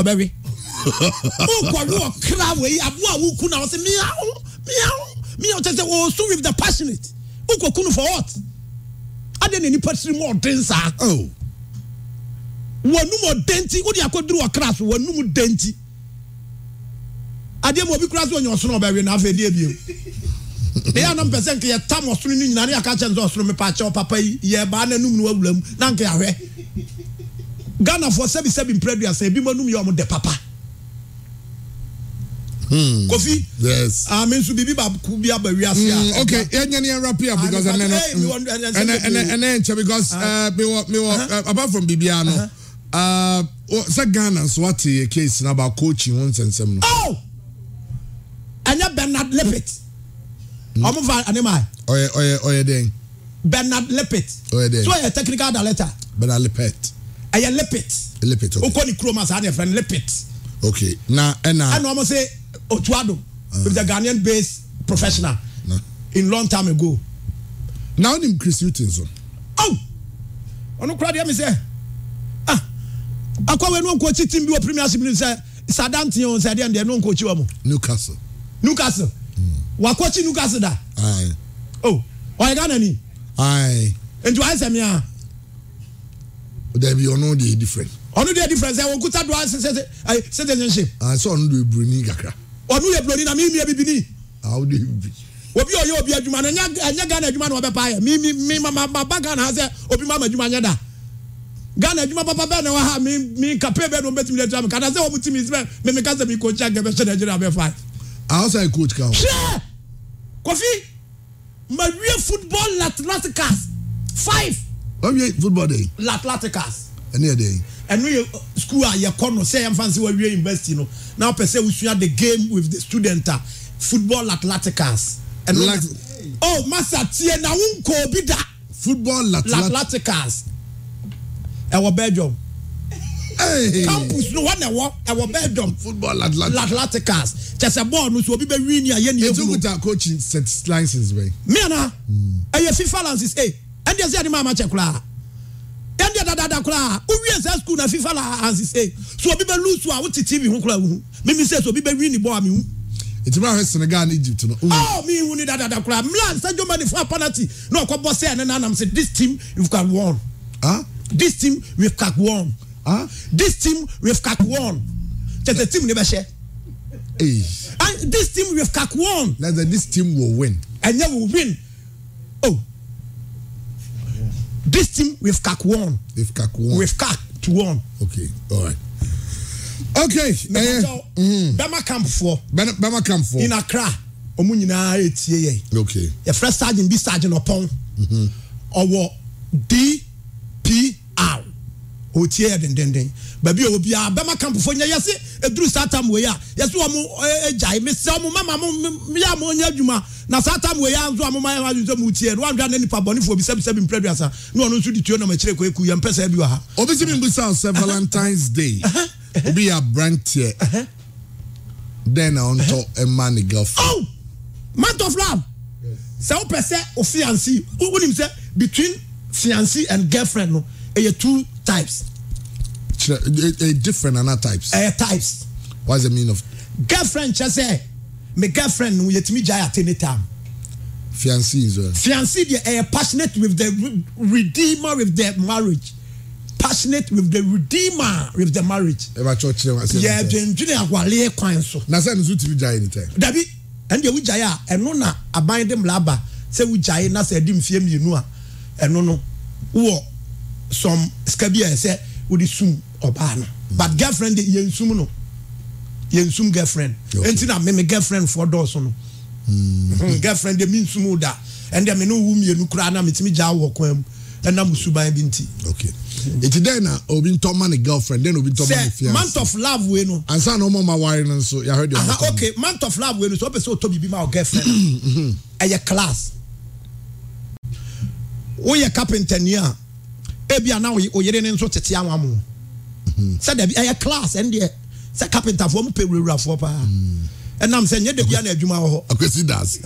ọbẹwi nkɔlu ɔkra wei abo a wukun na ɔsi miawo miawo miawo kyerɛ sɛ so with the passionate nkɔkunu for what adi na nipa siri mu ɔden saa wɔnum ɔden ti wodi akɔduru ɔkra so wɔnum den ti adeɛ mu obi kura so ɔnyɛ ɔsono ɔbɛwi na afɛ die biem ne yà nam pɛsɛ nkè yɛ tam ɔsono ne nyinaa ne yà ká kyɛn sɛ ɔsono mi pa kyɛ ɔpapa yi yɛ baa n'anum ni wawura mu na nkè yà hwɛ ghanafoɔ sɛbisɛbi mpiraduasa ebi mu anum yɛ ɔmo dɛ papa hmm. kofi yes ah mi nso bibi baako bi aba wi ase a. Hmm, okay yẹn yẹn wrap it up because ẹnẹ ẹnẹ ẹnẹ ẹnẹ nkyɛn because mi wɔ mi wɔ apart from bibi ano uh-huh. eh, sɛ ghana nso wate yɛ case na ba coach ho nsɛnsɛm no. oh ɛnyɛ bernard lepit ɔmo hmm. fa anima yi. ɔyɛ ɔyɛ ɔyɛ den. bernard lepit. ɔyɛ den so ɔyɛ technical director. bernard lepit ɛyɛ lipit lipit okay okɔ ni kurom asa ne fɛn lipit okay na ɛna ɛna wɔn sɛ otuado ah. with the ghanaian based professional na. in long time ago na wɔn nim chris hilton so. ɔn ɔno kura deɛ mi sɛ ah akɔwe no nkɔ kyi team bi wɔ premiership ni sɛ sadanti yɛn sɛ deɛ deɛ no nkɔ kyi wɔn. newcastle. newcastle mm. wakɔ kyi newcastle da. Aye, o oh. ɔyɛ ghana ni. ayi. nti wayɛ sɛ mi a dabi ɔno de yɛ different. ɔno de yɛ different sɛ okuta do a sɛ sɛ citizenship. a sɛ ɔno de buroni kakra. ɔno yɛ buroni na mi mi yɛ bibini. awo de bibi. obi a ɔyɛ obi adwuma na ɛnyɛ ghana adwuma na ɔbɛ pa yɛ mi mi mi ma ma ma ba ghana ha sɛ obi ma ma adwuma nyɛ da ghana adwuma papa bɛɛ na wa ha mi mi kape bɛɛ na o bɛ timi ɛdwuma mi kana sɛ ɔmu timi sɛ mi mi ka sɛ mi ko kya gɛbɛ sɛ nigeria bɛ fa. awo sɛ coach kan o. sɛ kofi ma wiye football latin latin cars five wọ́n yẹ football dẹ̀. laplaticas. ẹni yẹ dẹ̀ yìí. ẹnu yẹ school a yẹ kọ́ no sẹ́ yẹn fansi wọ́n yẹ university no now pẹ̀ sẹ́ wusua the game with the student Ah, football laplaticas. ẹnu yẹ oh masa tiẹ̀ na n kò bi da. football laplaticas. ẹwọ bẹẹ jọ. campus no wọn ẹwọ ẹwọ bẹẹ jọ. football laplaticas. kyesɛ bɔɔl no so obi bɛ win ni a yɛ ni ewu. etu kuta coaching license bɛ. miana ɛyɛ hmm. fifa license ee ɛn deɛ sɛ ɛde maama kyɛ koraa ɛn deɛ dadada koraa wowie sɛ sukuu na fifa la ansise so obi bɛ lusu a wote tv ho koraa wuhu mimi sɛ so obi bɛ win ne bɔ a mi hu. ètùmí ahọ́ senegal ní egypt náà. ọ̀ mi hu ni dadada koraa mìíràn sẹ́ germany fún panati, náà ọkọ bọ́ sẹ́yìn nínú anam sẹ́ this team you can won. ah, this team we can won. ah, this team we can won. tẹ̀tẹ̀ team ni bẹ́ sẹ́. And this team we have won. na Like this team will win. And yeah, will win. Oh, This team we've CAC won. We've CAC won. We've CAC to won. Okay, all right. Okay. Eh, mm-hmm. Bẹ́ẹ̀ma camp four. Bẹ́ẹ̀ma camp fọ. In Accra, ọmọ nyinaa etie yẹ. Okay. Yẹ fẹ́ sergeant bi sergeant ọpọ́n. Mm-hmm. Ọwọ DPR otie yɛ dendenden baabi a obi a bɛma kampofo nyɛ yɛsi eduru saa tam wei a yɛsi wɔn egya e, yi mesrɛ mo mama mo mmea mo nyɛ adwuma na saa tam wei a nso a mo ma yɛ ma adwuma mu tie no wɔn adwa ne nipa bɔnifo bi sɛbi sɛbi mpere duasa na ɔno nso di tuo nam akyire kɔ eku yɛ mpɛ sɛ ebi wɔ ha. obi si mi n bisa sɛ valentines day uh-huh. Uh-huh. obi yɛ aberanteɛ den uh-huh. na ɔntɔ ɛma ne girlfriend. oh month of love sɛ wopɛ sɛ ofiansi wonim sɛ between fiansi and girlfriend no ɛyɛ two types. kyerɛ ɛ e, different ana types. ɛyɛ types. what's the meaning of. girlfriend kyɛ sɛ mi girlfriend no yɛtumi gya yɛ at any fiancé is well. fiancé deɛ ɛyɛ passionate with the redeemer with the marriage passionate with the redeemer with the marriage. ẹ bá tọ́ kyerẹ́ wọn. yẹ dundun akwale kwan so. na sẹ́ni sùn ti fi gya yìí ni tẹ́. dabi ẹni deɛ wugya yìí a ɛno na aban de mìlá ba sɛ wugya yìí na sɛ ɛdi nfiɛ mmienu a ɛno no wɔ some sika bi a ɛsɛ wɔde sum ɔbaa no but girlfriend de yɛn sum no yɛn sum girlfriend nti na mímí girlfriend fɔ dɔɔso no mm. mhm, girlfriend de mi nsum o da ɛnna mi no wu mienu kura na mi ti mi gya wɔ kwan mu ɛnna mu bi nti. okay nti dɛn na obi ntɔ ma ne girlfriend dɛn na obi ntɔ ma ne fiance. sɛ month of love wei no. ansa na ɔmo ma wari no nso yahoo de ɔmo kɔ. okay month of love wei no so ɔpɛ sɛ ɔtɔ bibi ma ɔ girlfriend mhm. ɛyɛ class woyɛ carpenter ni a ebi na oyere ne nso tete anwa mu mhm. sɛ dɛbi ɛyɛ class ɛn deɛ sɛ kapintafoɔ mu pɛ wurawurafoɔ paa mhm. ɛnam sɛ nye debi ana adwuma wɔ hɔ akwesi daasi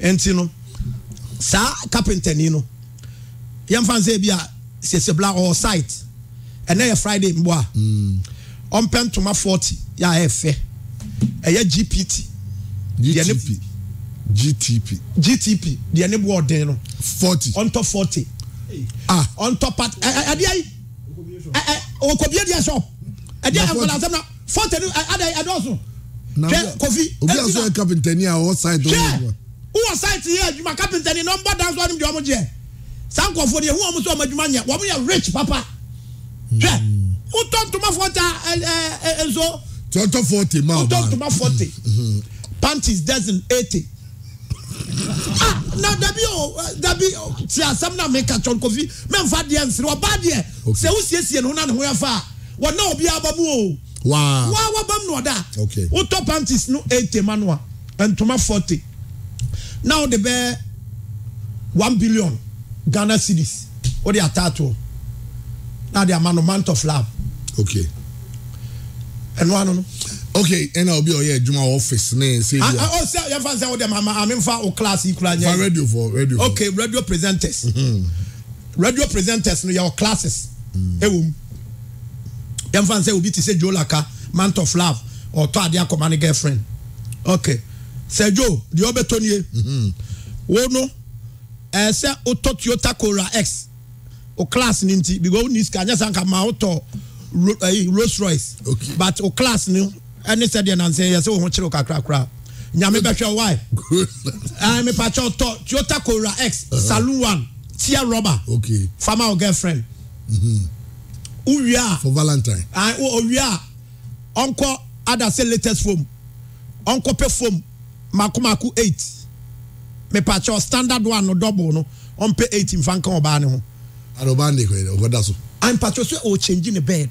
ɛnti mhm. no saa kapintani no yɛnfa nsɛ ebi a sesebla ɔwɔ site ɛnɛ yɛ friday mboa ɔmpɛ ntoma forty yɛ a ɛyɛ fɛ ɛyɛ gpt gtp gtp gtp deɛ ne bu ɔden no forty ɔntɔ forty ah ọ̀ntọ́pa ẹ ẹ ẹdí ayi ẹ ẹ okòbí ẹdí ẹsọ ẹdí ẹnkọlá sẹmu na fọ́ọ̀tẹ̀ ni adé ẹdọ́sùn twẹ kofi obi eh, aso yẹ kapintani a ọwọ saiti ọwọ wọ saiti yẹ adwuma kapintani na ọmọba dansi ọdún di ọmọ jẹ saa nkọfọ ni ehu ọmọ sọ ọmọ adwuma yẹ wọn yẹ rich papa twẹ wotɔ ntoma fɔta ɛɛ ɛɛ nso. tɔntɔ fɔti maa o ma wotɔ ntoma fɔti panties dozen eighty ah na dabi o dabi ti asam na mi ka tɔn kofi mɛ nfa deɛ nsiri wa ba deɛ sɛwu siesie no na ne ho yɛ fa wɔn na obi Abamu? mu o waa waa wabam na ɔda o tɔ panties no eighty manua ntoma forty na o de bɛ one billion ghana cities. o de ataato na de ama no month of lab. Okay. ɛnu ano no okay ɛna obi a ɔyɛ adwuma office ne se bi a. ɔ sɛ yɛn fa sɛ o de ami fa o class yi kura n fa radio for radio. okay radio presenters. Mm-hmm. radio presenters no yɛ ɔ classes. ɛwɔ mm. mu yɛn fa sɛ obi ti sɛ joe laka mount of love ɔtɔ adi akɔma ne girlfriend okay sɛ joe deɛ ɔbɛ tɔ nie. wo no ɛsɛ o tɔ toyota cora x o class ni nti because o ni sika n yɛ san ma o tɔ eh, rolls royce. okay but o class ni ɛne sɛdeɛ nansɛn yɛ sɛ wo ho kyerɛ wo kakrakora nyame bɛhwɛ wae mepakyɛ tɔ toyota cora x uh tia roba, fama wo girlfriend wowie mm-hmm. a for valentine owie a ɔnkɔ ada sɛ latest fom ɔnkɔ pɛ fom makomako 8 mepakyɛ standard one no double no ɔmpɛ 8 mfa nka ɔbaa ne ho ɔbaa ne ɔkɔda so ampakyɛ sɛ ɔkyɛngyi ne bɛd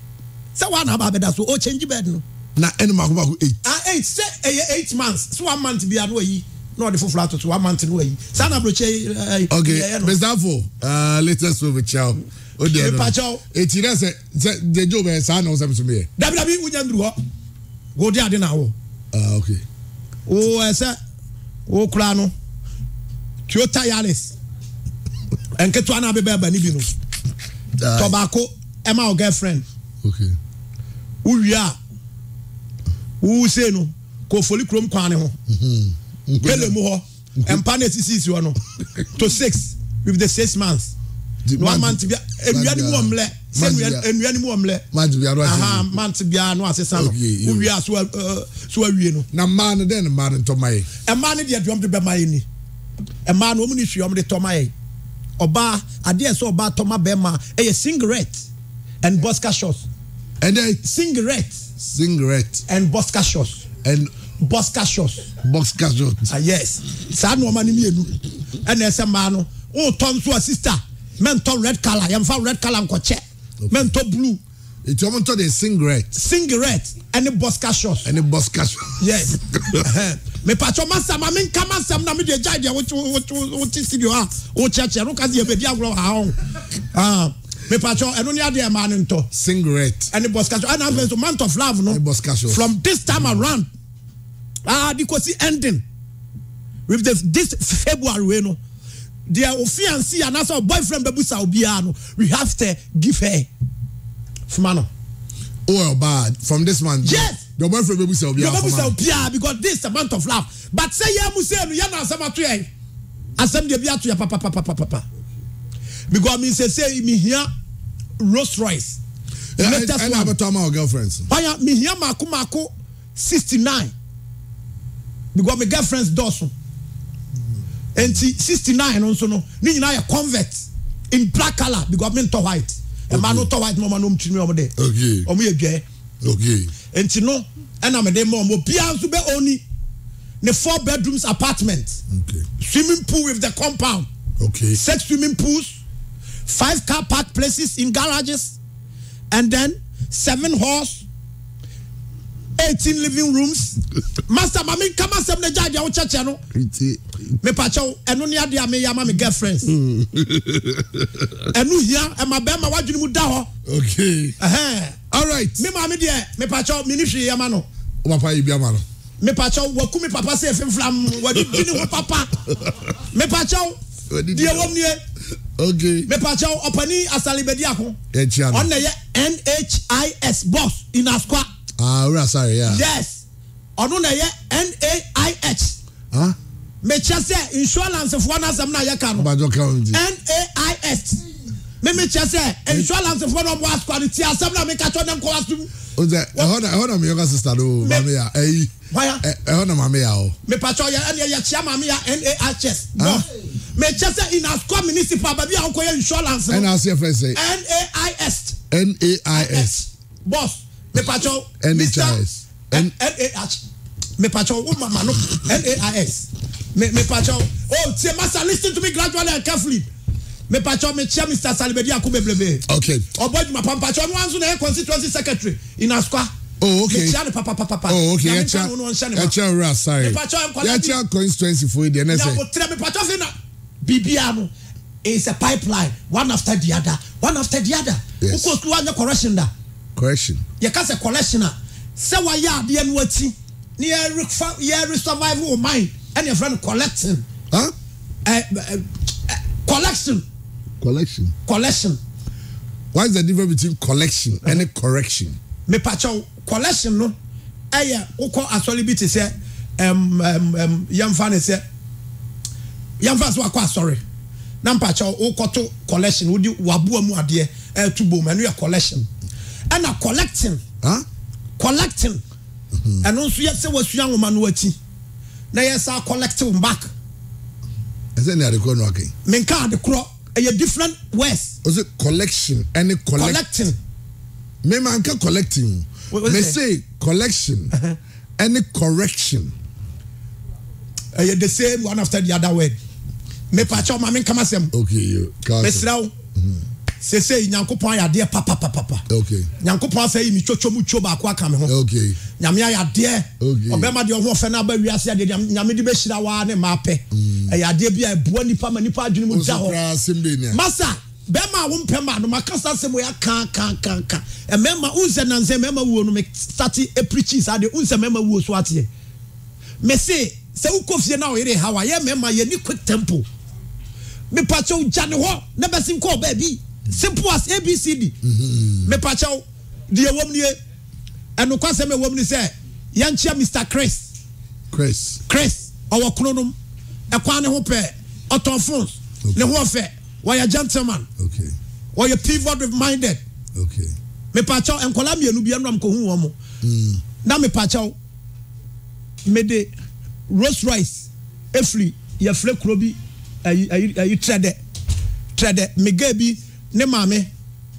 sɛ woana aba bɛda so ɔkyɛngyi bɛd no na ɛne mako mako eight. ah eight sɛ ɛyɛ eight months so one month bi ano ayi na ɔde foforɔ atoto one month no ayi saa na aburokye ɛɛ ɛyɛ okay mr afo uh, latest film chow o di ɛnu epakyɛw eti dɛ sɛ sɛ jeje o bɛ saa na ɔsɛm so mi yɛ. dabidabi wunya nduru hɔ wo di ade na awɔ. ah okay. wo ɛsɛ wo kura no toyota yaris nketewa na abɛbɛ ɛbɛ nibi no tɔbaako ɛma o girlfriend. okay. wuyi a wuse no kofoli kurom kwan ne ho mhm. pele mu hɔ mpa na esisi esi hɔ no to six with the six months na one month bia enua ni mu wɔ mlɛ sɛ enua ni mu wɔ mlɛ aha month bia no asesa no wuwie aso so awie uh, no. na mmaa no dɛn mmaa no ntɔma yɛ. mmaa no deɛ deɛ ɔmo de bɛma yɛ ni mmaa no ɔmo ni hwee ɔmo de tɔma yɛ ɔbaa adeɛ sɛ ɔbaa tɔma bɛrima ɛyɛ singlet and boxer shorts. ɛdɛ singlet. Singlet. And Bosca And Bosca shorts. Ah, yes. Saa nneɛma no mmienu ɛna ɛsɛ mmaa no wotɔ nso a sister mɛntɔ red colour yɛmfa red colour nkɔkyɛ mɛntɔ blue. Ètò ọmọ ntọ́ de singlet. Singlet ɛne Bosca shorts. Ɛne Bosca shorts. Yes. mipatso masa maame nka masa mu na mi de gya deɛ o studio o wokyerɛkyerɛ no kasi yɛ bɛ di agorɔ ha o mepatro ẹnu ni adi ẹ maa ni ntọ. singlet ẹni bọsikasọ ẹna fẹ so month of love no from this time mm-hmm. around adi ko si ending with the, this february wey no deɛ ofiansi anasa boyfriend bɛ busa obiara no we have to give her fuma no. oh bad from this month. yes your boyfriend bɛ busa obiara fuma no. your boyfriend busa obiara because this is a month of love but sɛ yɛn mu sɛ no yɛn na asɛm ato yɛn asɛm deɛ bi ato yɛ papapapapa because mi sɛ sɛ mi hia. Rolls royce. ẹnna abẹ́tọ́ ama our girlfriends. wáyà mi hìyà màkó màkó sixty nine because my girlfriends dọ̀sùn nti sixty nine no nso no ne nyinaa yɛ convert in black colour because mi n tɔ white mmaa no tɔ white na ɔma no tiri mi ɔmo dɛ ɔmo yɛ dwɛ nti no ɛna mi de ma ɔmo bia nso bɛ oni ne four bedrooms apartment okay. swimming pool with the compound okay. six swimming pools five car park places in garages, and then seven halls, eighteen living rooms. Master, mami, come and send the judge out church, no. know. Me pacho, enu ni adi ame yama me girlfriends. Mm. Enu hiya, ema bema wajuni mu daho. Okay. Uh -huh. All right. Me mami diye, me pacho, ministry yama no. Wapa ibi yama no. Me pacho, wakumi papa se fim flam, wadi dini wapapa. Me pacho, deɛ wɔm nie okay mepakyɛw ɔpani asalibɛdi ako ɔna yɛ nhis boss in asqua ah wura ya yes ɔno na yɛ naih huh? Ah? mekyɛ sɛ insurance foɔ n'asɛm na yɛ ka no naih memekyɛ sɛ insurance foɔ na ɔmo asqua no ti asɛm na meka kyɛw ne nkɔwa sum o tɛ ɛhɔ na ɛhɔ na mi yɛ ka sista do maame ya ɛyi ah? ɛhɔ na maame ya o mepakyɛw yɛ ɛni yɛ kyia maame ya nhis ah? boss mekyɛ sɛ inasco municipal baabi a wokɔyɛ insurance no nasfsɛ nas nas bos mepakyɛw nhs nah mepakyɛw wo mama no nas mepakyɛw oh tie masa lis ten to me gradually and carefully mepakyɛw mekyia mr salibadi ako bebrebe okay ɔbɔ adwuma pa mepakyɛw no wanso na eh, yɛ constituency secretary inasco oh, oh, okay. Yẹ kyerá constituency fún yìí di ẹ nẹsẹ. Yàgò tẹ̀lé mi pàtó fi na biribiara no is a pipeline one after the other one after the other yes wokɔ sukuu wa nyɛ correction da correction yɛ ka correction a sɛ wayɛ adeɛ no akyi ne yɛ re fa yɛ re survive wɔ mind ɛna yɛ fɛ collecting huh? uh, uh, uh, collection collection collection what is the difference between collection and -huh. and correction. mepatsaw collection no ɛyɛ wokɔ asɔli bi te sɛ yɛmfa ne sɛ yɛmfa so wakɔ asɔre na mpakyɛ wokɔto collection wode waboa mu adeɛ ɛto bom ɛno yɛ collection ɛna collecting collecting mhm. ɛno nso yɛ sɛ wasua nwoma no akyi na yɛ sa collect back ɛsɛ ne adekorɔ no ake menka adekorɔ ɛyɛ different words ɔsɛ collection ɛne collect collecting mema nka collecting mese collection uh-huh. ɛne correction ɛyɛ the same one after the other word mepakyɛw ma menkama sɛm mesrɛ wo mm-hmm. sesei nyankopɔn ayɛ adeɛ papapapapa nyankopɔn asɛ yi mi twotwo mu two baako aka me ho nyame ayɛ adeɛ ɔbɛma deɛ ɔho ɔfɛ no aba wiase adeɛ nyame de bɛhyira waa ne maa pɛ mm. ɛyɛ adeɛ bi a ɛboa nipa ma nipa adwene mu da hɔ masa bɛɛma a wompɛ ma no makasa asɛm yɛ kan kan kan kan ɛmɛɛma unsɛ nansɛ mɛɛma wuo no me sati epirikyi saa deɛ unsɛ mɛɛma wuo so ateɛ mɛse sɛ wokɔ fie na ɔyere hawa yɛ mɛɛma yɛ ni quick tempo mepakyɛw gyane hɔ na bɛsi nkɔɔ baabi simple as abcd mm-hmm. mepakyɛw deɛ wɔm nie ɛnokwasɛm ɛwɔm ni sɛ yɛnkyia mr chris chris chris ɔwɔ kronom ɛkwan e ne ho pɛ ɔtɔn phones ne ho ɔfɛ wɔyɛ gentleman wɔyɛ pivot minded mepakyɛw nkɔla mmienu bi ɛnura nkohu wɔn mo mm. na mepakyɛw mede rolls rice, efiri yɛfrɛ kuro bi ayi ayi ayi trɛ dɛ trɛ dɛ mega bi ne maame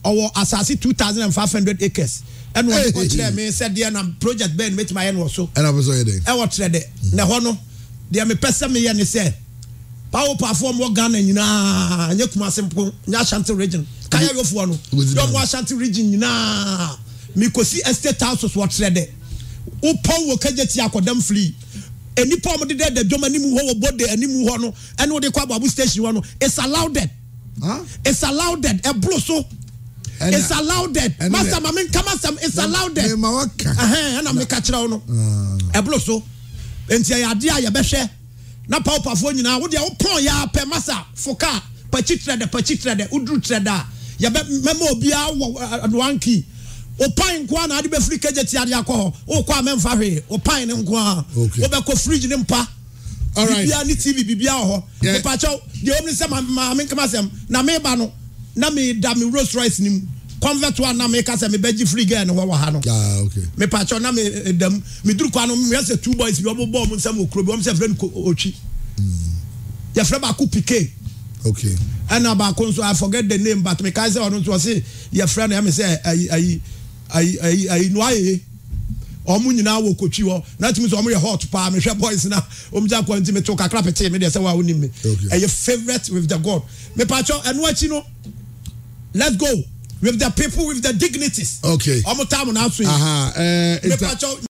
ɔwɔ asase two thousand and five hundred acres ɛna wɔn kɔ kyerɛ mi sɛ deɛ na project bɛyɛ ni mɛtuma yɛ no wɔ so ɛna bɛ sɔ yɛ dɛ ɛwɔ trɛ dɛ na ɛhɔ no deɛ mepɛ sɛ meyɛ ne sɛ power platform wɔ ghana nyinaa nye kumase mpo nye ashanti region kaya yofuwa no yɔn wɔ ashanti region nyinaa mikosi estate houses wɔ trɛ dɛ wopɔn wɔ kɛgye ti akɔdɛm fili nipa wɔn de dɛ dɛdwom anim hɔ wɔ bɔde anim hɔ no ɛna wɔde kɔ ababu station hɔ no it's allowed huh? it's allowed ɛburo so it's allowed master maame nka master it's allowed ɛna meka kyerɛ wo no ah. ɛburo so nti ɛyɛ adeɛ a yɛbɛhwɛ na pawpafoɔ nyinaa wodeɛ wopɔn yɛ apɛ masa fo kaa pakyi trɛ dɛ pakyi trɛ dɛ woduru trɛ dɛ a yɛbɛ mɛma obiara wɔ adoanki eh, eh, wopan nko a na ade bɛfiri kagya ti ade akɔ hɔ wokɔ a mɛmfa hwee wopan ne nko a wobɛkɔ fridge ne mpa bibia ne tv bibia wɔ hɔ mepakyɛw deɛ ɔmne sɛ maame nkama sɛm na meba no na meda me rose rice no mu convert one na meka sɛ mebɛgye firi gɛ ne hɔ wɔ ha no ah, mepakyɛw na medam eh, meduru kwa no meɛ sɛ two boys bi ɔbobɔɔ mu nsɛm wɔ kuro bi ɔm sɛ frɛ no ɔtwi hmm. yɛfrɛ baako pike eh, ɛna baako nso i forget the name but mekae sɛ ɔno nso ɔse yɛfrɛ no ɛme sɛ ayi ayi ayi ayi nua yeye ɔmo nyinaa wɔ kotwi hɔ n'atumi sɛ ɔmo yɛ hot paa mehwɛ boys na ɔmo gya kɔn mi to kakra pete mi deɛ sɛ waa onim mi ɛyɛ favourite with the god mipatsɔ ɛnu akyi no let's go with the people with the dignities. okay ɔmo taamu n'aso yi. Eh, mipatsɔ.